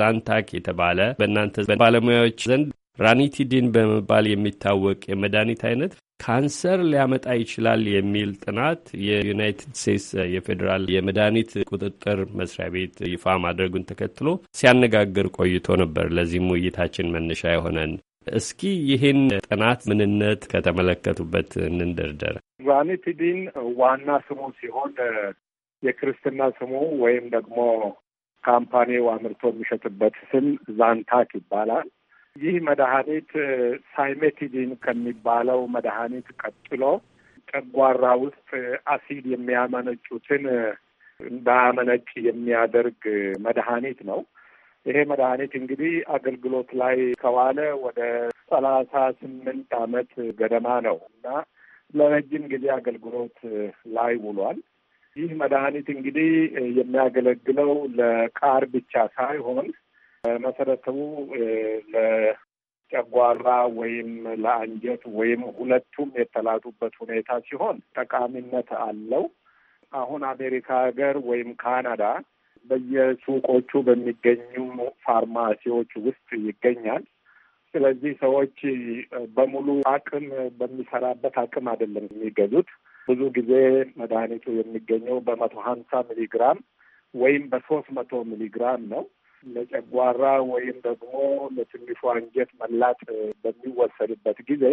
ዛንታክ የተባለ በእናንተ ባለሙያዎች ዘንድ ራኒቲዲን በመባል የሚታወቅ የመድኃኒት አይነት ካንሰር ሊያመጣ ይችላል የሚል ጥናት የዩናይትድ ስቴትስ የፌዴራል የመድኃኒት ቁጥጥር መስሪያ ቤት ይፋ ማድረጉን ተከትሎ ሲያነጋግር ቆይቶ ነበር። ለዚህም ውይይታችን መነሻ የሆነን እስኪ ይህን ጥናት ምንነት ከተመለከቱበት እንንደርደር። ራኒቲዲን ዋና ስሙ ሲሆን የክርስትና ስሙ ወይም ደግሞ ካምፓኒው አምርቶ የሚሸጥበት ስም ዛንታክ ይባላል። ይህ መድኃኒት ሳይሜቲዲን ከሚባለው መድኃኒት ቀጥሎ ጨጓራ ውስጥ አሲድ የሚያመነጩትን እንዳያመነጭ የሚያደርግ መድኃኒት ነው። ይሄ መድኃኒት እንግዲህ አገልግሎት ላይ ከዋለ ወደ ሰላሳ ስምንት አመት ገደማ ነው እና ለረጅም ጊዜ አገልግሎት ላይ ውሏል። ይህ መድኃኒት እንግዲህ የሚያገለግለው ለቃር ብቻ ሳይሆን መሰረተቡ ለጨጓራ ወይም ለአንጀት ወይም ሁለቱም የተላጡበት ሁኔታ ሲሆን ጠቃሚነት አለው። አሁን አሜሪካ ሀገር ወይም ካናዳ በየሱቆቹ በሚገኙ ፋርማሲዎች ውስጥ ይገኛል። ስለዚህ ሰዎች በሙሉ አቅም በሚሰራበት አቅም አይደለም የሚገዙት። ብዙ ጊዜ መድኃኒቱ የሚገኘው በመቶ ሀምሳ ሚሊግራም ወይም በሶስት መቶ ሚሊግራም ነው። ለጨጓራ ወይም ደግሞ ለትንሿ አንጀት መላጥ በሚወሰድበት ጊዜ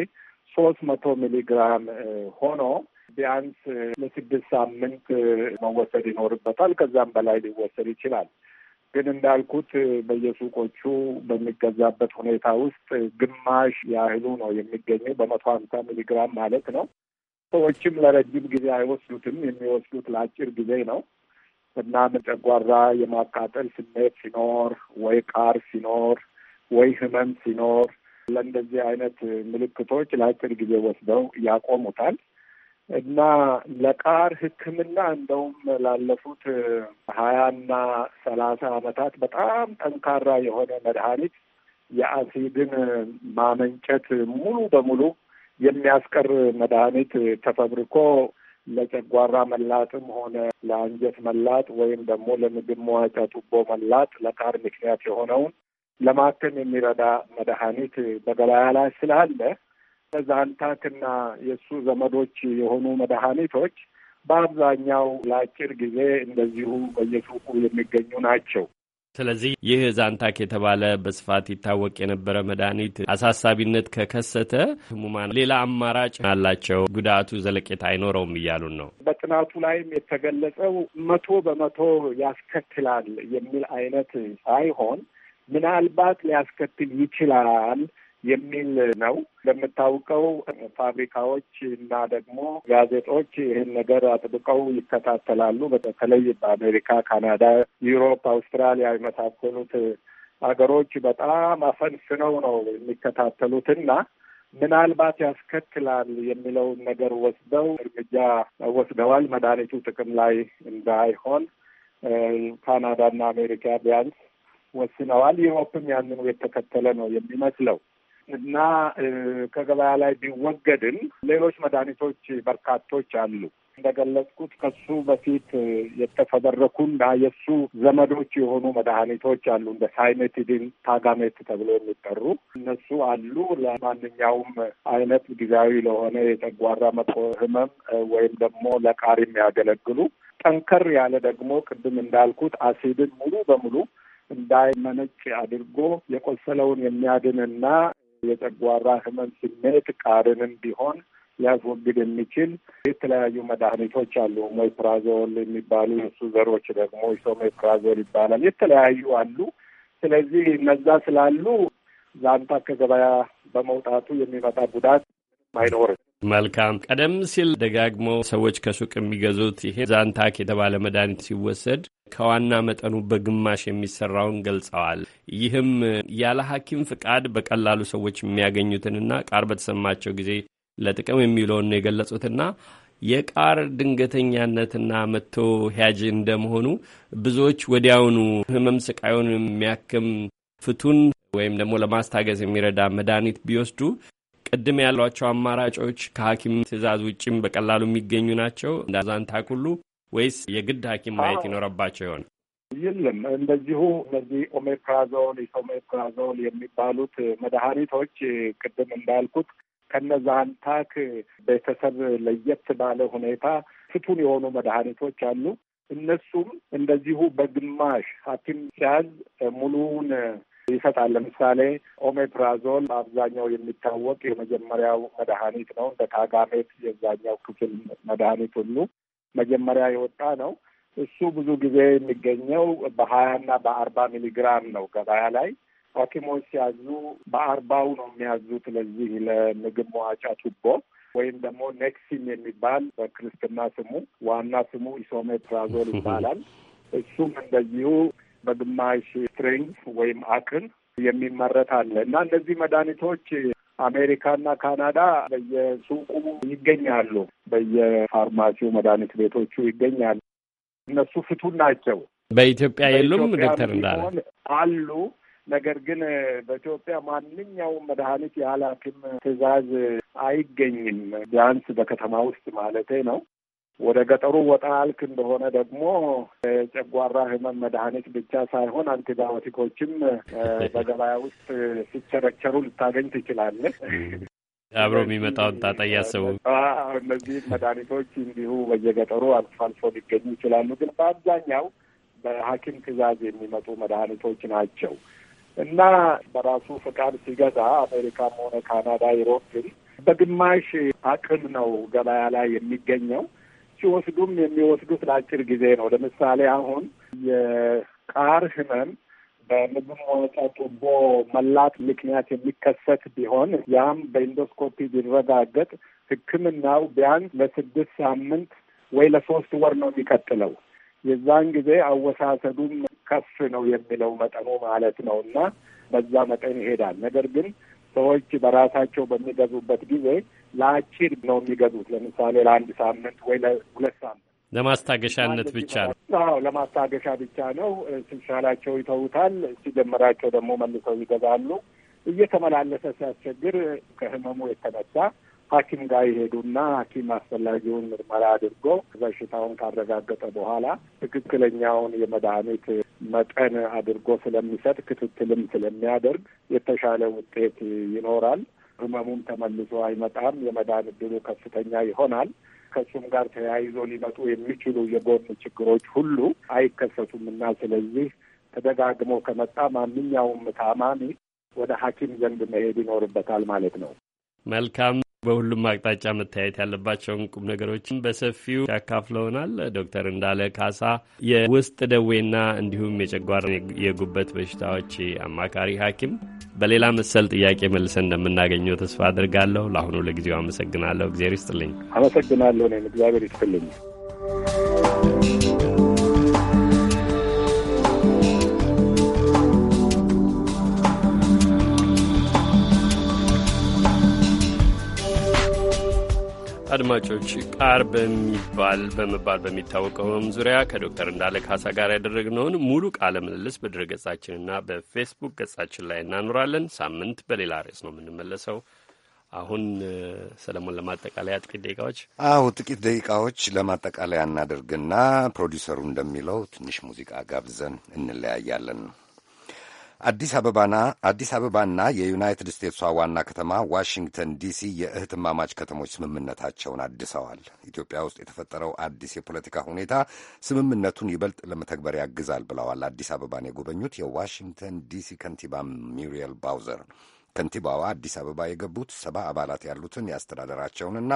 ሶስት መቶ ሚሊግራም ሆኖ ቢያንስ ለስድስት ሳምንት መወሰድ ይኖርበታል። ከዛም በላይ ሊወሰድ ይችላል። ግን እንዳልኩት በየሱቆቹ በሚገዛበት ሁኔታ ውስጥ ግማሽ ያህሉ ነው የሚገኘው በመቶ ሀምሳ ሚሊግራም ማለት ነው። ሰዎችም ለረጅም ጊዜ አይወስዱትም። የሚወስዱት ለአጭር ጊዜ ነው። እና መጨጓራ የማቃጠል ስሜት ሲኖር ወይ ቃር ሲኖር ወይ ህመም ሲኖር ለእንደዚህ አይነት ምልክቶች ለአጭር ጊዜ ወስደው ያቆሙታል እና ለቃር ሕክምና እንደውም ላለፉት ሀያና ሰላሳ አመታት በጣም ጠንካራ የሆነ መድኃኒት የአሲድን ማመንጨት ሙሉ በሙሉ የሚያስቀር መድኃኒት ተፈብርኮ ለጨጓራ መላጥም ሆነ ለአንጀት መላጥ ወይም ደግሞ ለምግብ መዋጫ ቱቦ መላጥ ለቃር ምክንያት የሆነውን ለማከም የሚረዳ መድኃኒት በገበያ ላይ ስላለ ዛንታክና የእሱ ዘመዶች የሆኑ መድኃኒቶች በአብዛኛው ለአጭር ጊዜ እንደዚሁ በየሱቁ የሚገኙ ናቸው። ስለዚህ ይህ ዛንታክ የተባለ በስፋት ይታወቅ የነበረ መድኃኒት አሳሳቢነት ከከሰተ ህሙማን ሌላ አማራጭ አላቸው፣ ጉዳቱ ዘለቄታ አይኖረውም እያሉን ነው። በጥናቱ ላይም የተገለጸው መቶ በመቶ ያስከትላል የሚል አይነት ሳይሆን ምናልባት ሊያስከትል ይችላል የሚል ነው። እንደምታውቀው ፋብሪካዎች እና ደግሞ ጋዜጦች ይህን ነገር አጥብቀው ይከታተላሉ። በተለይ በአሜሪካ፣ ካናዳ፣ ዩሮፕ፣ አውስትራሊያ የመሳሰሉት ሀገሮች በጣም አፈንፍነው ነው የሚከታተሉት እና ምናልባት ያስከትላል የሚለውን ነገር ወስደው እርምጃ ወስደዋል። መድኃኒቱ ጥቅም ላይ እንዳይሆን ካናዳና አሜሪካ ቢያንስ ወስነዋል። ዩሮፕም ያንኑ የተከተለ ነው የሚመስለው። እና ከገበያ ላይ ቢወገድም ሌሎች መድኃኒቶች በርካቶች አሉ። እንደገለጽኩት ከሱ በፊት የተፈበረኩን የሱ ዘመዶች የሆኑ መድኃኒቶች አሉ። እንደ ሳይሜቲዲን፣ ታጋሜት ተብሎ የሚጠሩ እነሱ አሉ። ለማንኛውም አይነት ጊዜያዊ ለሆነ የጨጓራ መቆ ህመም ወይም ደግሞ ለቃሪ የሚያገለግሉ ጠንከር ያለ ደግሞ ቅድም እንዳልኩት አሲድን ሙሉ በሙሉ እንዳይመነጭ አድርጎ የቆሰለውን የሚያድንና የጨጓራ ህመም ስሜት ቃርንም ቢሆን ሊያስወግድ የሚችል የተለያዩ መድኃኒቶች አሉ። ሞይፕራዞል የሚባሉ የሱ ዘሮች ደግሞ ኢሶሜፕራዞል ይባላል። የተለያዩ አሉ። ስለዚህ እነዛ ስላሉ ዛንታ ከገበያ በመውጣቱ የሚመጣ ጉዳት አይኖርም። መልካም። ቀደም ሲል ደጋግሞ ሰዎች ከሱቅ የሚገዙት ይሄ ዛንታክ የተባለ መድኃኒት ሲወሰድ ከዋና መጠኑ በግማሽ የሚሰራውን ገልጸዋል። ይህም ያለ ሐኪም ፍቃድ በቀላሉ ሰዎች የሚያገኙትንና ቃር በተሰማቸው ጊዜ ለጥቅም የሚውለውን ነው የገለጹትና የቃር ድንገተኛነትና መጥቶ ሂያጅ እንደመሆኑ ብዙዎች ወዲያውኑ ህመም ስቃዩን የሚያክም ፍቱን ወይም ደግሞ ለማስታገዝ የሚረዳ መድኃኒት ቢወስዱ ቅድም ያሏቸው አማራጮች ከሐኪም ትእዛዝ ውጭም በቀላሉ የሚገኙ ናቸው። እንዳዛንታክ ሁሉ ወይስ የግድ ሐኪም ማየት ይኖረባቸው ይሆን? የለም እንደዚሁ እነዚህ ኦሜፕራዞን ኢሶሜፕራዞን የሚባሉት መድኃኒቶች ቅድም እንዳልኩት ከነዛ አንታክ ቤተሰብ ለየት ባለ ሁኔታ ፍቱን የሆኑ መድኃኒቶች አሉ። እነሱም እንደዚሁ በግማሽ ሐኪም ሲያዝ ሙሉውን ይሰጣል። ለምሳሌ ኦሜፕራዞል በአብዛኛው የሚታወቅ የመጀመሪያው መድኃኒት ነው። እንደ ታጋሜት የዛኛው ክፍል መድኃኒት ሁሉ መጀመሪያ የወጣ ነው። እሱ ብዙ ጊዜ የሚገኘው በሀያ እና በአርባ ሚሊግራም ነው ገበያ ላይ። ሐኪሞች ሲያዙ በአርባው ነው የሚያዙት ለዚህ ለምግብ መዋጫ ቱቦ ወይም ደግሞ ኔክሲን የሚባል በክርስትና ስሙ ዋና ስሙ ኢሶሜፕራዞል ይባላል። እሱም እንደዚሁ በግማሽ ስትሪንግ ወይም አክን የሚመረት አለ እና እነዚህ መድኃኒቶች አሜሪካና ካናዳ በየሱቁ ይገኛሉ፣ በየፋርማሲው መድኃኒት ቤቶቹ ይገኛሉ። እነሱ ፍቱን ናቸው። በኢትዮጵያ የሉም ዶክተር እንዳለ አሉ። ነገር ግን በኢትዮጵያ ማንኛውም መድኃኒት ያለ ትዕዛዝ አይገኝም። ቢያንስ በከተማ ውስጥ ማለቴ ነው። ወደ ገጠሩ ወጣ አልክ እንደሆነ ደግሞ የጨጓራ ህመም መድኃኒት ብቻ ሳይሆን አንቲባዮቲኮችም በገበያ ውስጥ ሲቸረቸሩ ልታገኝ ትችላለህ። አብሮ የሚመጣውን ጣጣ እያሰቡ እነዚህ መድኃኒቶች እንዲሁ በየገጠሩ አልፎ አልፎ ሊገኙ ይችላሉ። ግን በአብዛኛው በሐኪም ትዕዛዝ የሚመጡ መድኃኒቶች ናቸው እና በራሱ ፈቃድ ሲገዛ አሜሪካም ሆነ ካናዳ፣ ዩሮፕ በግማሽ አቅም ነው ገበያ ላይ የሚገኘው። ሲወስዱም የሚወስዱት ለአጭር ጊዜ ነው። ለምሳሌ አሁን የቃር ህመም በምግብ መወጫ ጡቦ መላጥ ምክንያት የሚከሰት ቢሆን ያም በኢንዶስኮፒ ቢረጋገጥ ሕክምናው ቢያንስ ለስድስት ሳምንት ወይ ለሶስት ወር ነው የሚቀጥለው። የዛን ጊዜ አወሳሰዱም ከፍ ነው የሚለው መጠኑ ማለት ነው እና በዛ መጠን ይሄዳል። ነገር ግን ሰዎች በራሳቸው በሚገዙበት ጊዜ ለአጭር ነው የሚገዙት። ለምሳሌ ለአንድ ሳምንት ወይ ለሁለት ሳምንት ለማስታገሻነት ብቻ ነው። ለማስታገሻ ብቻ ነው። ሲሻላቸው ይተውታል፣ ሲጀምራቸው ደግሞ መልሰው ይገዛሉ። እየተመላለሰ ሲያስቸግር ከህመሙ የተነሳ ሐኪም ጋር ይሄዱና ሐኪም አስፈላጊውን ምርመራ አድርጎ በሽታውን ካረጋገጠ በኋላ ትክክለኛውን የመድኃኒት መጠን አድርጎ ስለሚሰጥ ክትትልም ስለሚያደርግ የተሻለ ውጤት ይኖራል። ህመሙም ተመልሶ አይመጣም። የመዳን እድሉ ከፍተኛ ይሆናል። ከሱም ጋር ተያይዞ ሊመጡ የሚችሉ የጎን ችግሮች ሁሉ አይከሰቱም እና ስለዚህ ተደጋግሞ ከመጣ ማንኛውም ታማሚ ወደ ሐኪም ዘንድ መሄድ ይኖርበታል ማለት ነው። መልካም በሁሉም አቅጣጫ መታየት ያለባቸውን ቁም ነገሮችን በሰፊው ያካፍለውናል ዶክተር እንዳለ ካሳ የውስጥ ደዌና እንዲሁም የጨጓር የጉበት በሽታዎች አማካሪ ሐኪም በሌላ መሰል ጥያቄ መልሰን እንደምናገኘው ተስፋ አድርጋለሁ። ለአሁኑ ለጊዜው አመሰግናለሁ። እግዚአብሔር ይስጥልኝ። አመሰግናለሁ። እኔም እግዚአብሔር ይስጥልኝ። አድማጮች ቃር በሚባል በመባል በሚታወቀው ህመም ዙሪያ ከዶክተር እንዳለ ካሳ ጋር ያደረግነውን ሙሉ ቃለ ምልልስ ገጻችንና በፌስቡክ ገጻችን ላይ እናኖራለን። ሳምንት በሌላ ርዕስ ነው የምንመለሰው። አሁን ሰለሞን ለማጠቃለያ ጥቂት ደቂቃዎች አሁ ጥቂት ደቂቃዎች ለማጠቃለያ እናደርግና ፕሮዲውሰሩ እንደሚለው ትንሽ ሙዚቃ ጋብዘን እንለያያለን። አዲስ አበባና የዩናይትድ ስቴትሷ ዋና ከተማ ዋሽንግተን ዲሲ የእህትማማች ከተሞች ስምምነታቸውን አድሰዋል። ኢትዮጵያ ውስጥ የተፈጠረው አዲስ የፖለቲካ ሁኔታ ስምምነቱን ይበልጥ ለመተግበር ያግዛል ብለዋል አዲስ አበባን የጎበኙት የዋሽንግተን ዲሲ ከንቲባ ሚሪየል ባውዘር። ከንቲባዋ አዲስ አበባ የገቡት ሰባ አባላት ያሉትን የአስተዳደራቸውንና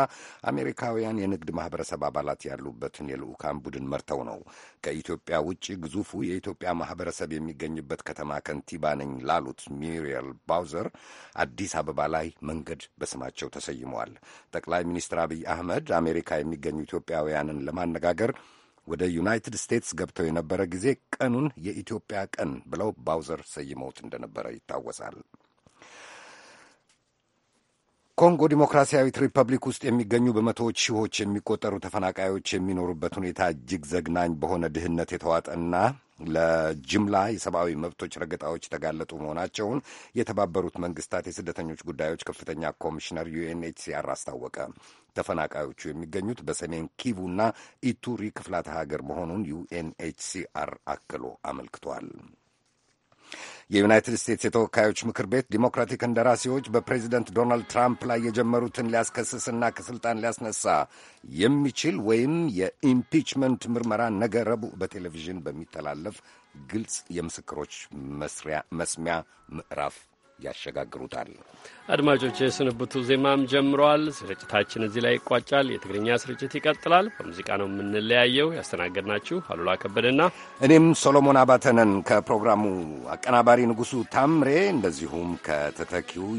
አሜሪካውያን የንግድ ማህበረሰብ አባላት ያሉበትን የልዑካን ቡድን መርተው ነው። ከኢትዮጵያ ውጭ ግዙፉ የኢትዮጵያ ማህበረሰብ የሚገኝበት ከተማ ከንቲባ ነኝ ላሉት ሚሪየል ባውዘር አዲስ አበባ ላይ መንገድ በስማቸው ተሰይመዋል። ጠቅላይ ሚኒስትር አብይ አህመድ አሜሪካ የሚገኙ ኢትዮጵያውያንን ለማነጋገር ወደ ዩናይትድ ስቴትስ ገብተው የነበረ ጊዜ ቀኑን የኢትዮጵያ ቀን ብለው ባውዘር ሰይመውት እንደነበረ ይታወሳል። ኮንጎ ዲሞክራሲያዊት ሪፐብሊክ ውስጥ የሚገኙ በመቶዎች ሺዎች የሚቆጠሩ ተፈናቃዮች የሚኖሩበት ሁኔታ እጅግ ዘግናኝ በሆነ ድህነት የተዋጠና ለጅምላ የሰብአዊ መብቶች ረገጣዎች የተጋለጡ መሆናቸውን የተባበሩት መንግስታት የስደተኞች ጉዳዮች ከፍተኛ ኮሚሽነር ዩኤንኤችሲአር አስታወቀ። ተፈናቃዮቹ የሚገኙት በሰሜን ኪቡና ኢቱሪ ክፍላተ ሀገር መሆኑን ዩኤንኤችሲአር አክሎ አመልክቷል። የዩናይትድ ስቴትስ የተወካዮች ምክር ቤት ዲሞክራቲክ እንደራሴዎች በፕሬዚደንት ዶናልድ ትራምፕ ላይ የጀመሩትን ሊያስከስስና ከስልጣን ሊያስነሳ የሚችል ወይም የኢምፒችመንት ምርመራ ነገ ረቡዕ በቴሌቪዥን በሚተላለፍ ግልጽ የምስክሮች መስሚያ ምዕራፍ ያሸጋግሩታል። አድማጮች፣ የስንብቱ ዜማም ጀምረዋል። ስርጭታችን እዚህ ላይ ይቋጫል። የትግርኛ ስርጭት ይቀጥላል። በሙዚቃ ነው የምንለያየው። ያስተናገድናችሁ አሉላ ከበደና እኔም ሶሎሞን አባተነን ከፕሮግራሙ አቀናባሪ ንጉሱ ታምሬ እንደዚሁም ከተተኪው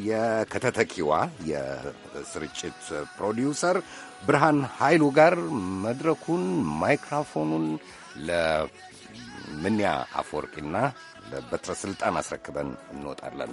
ከተተኪዋ የስርጭት ፕሮዲውሰር ብርሃን ኃይሉ ጋር መድረኩን ማይክሮፎኑን ለምንያ አፈወርቂና በትረ ስልጣን አስረክበን እንወጣለን።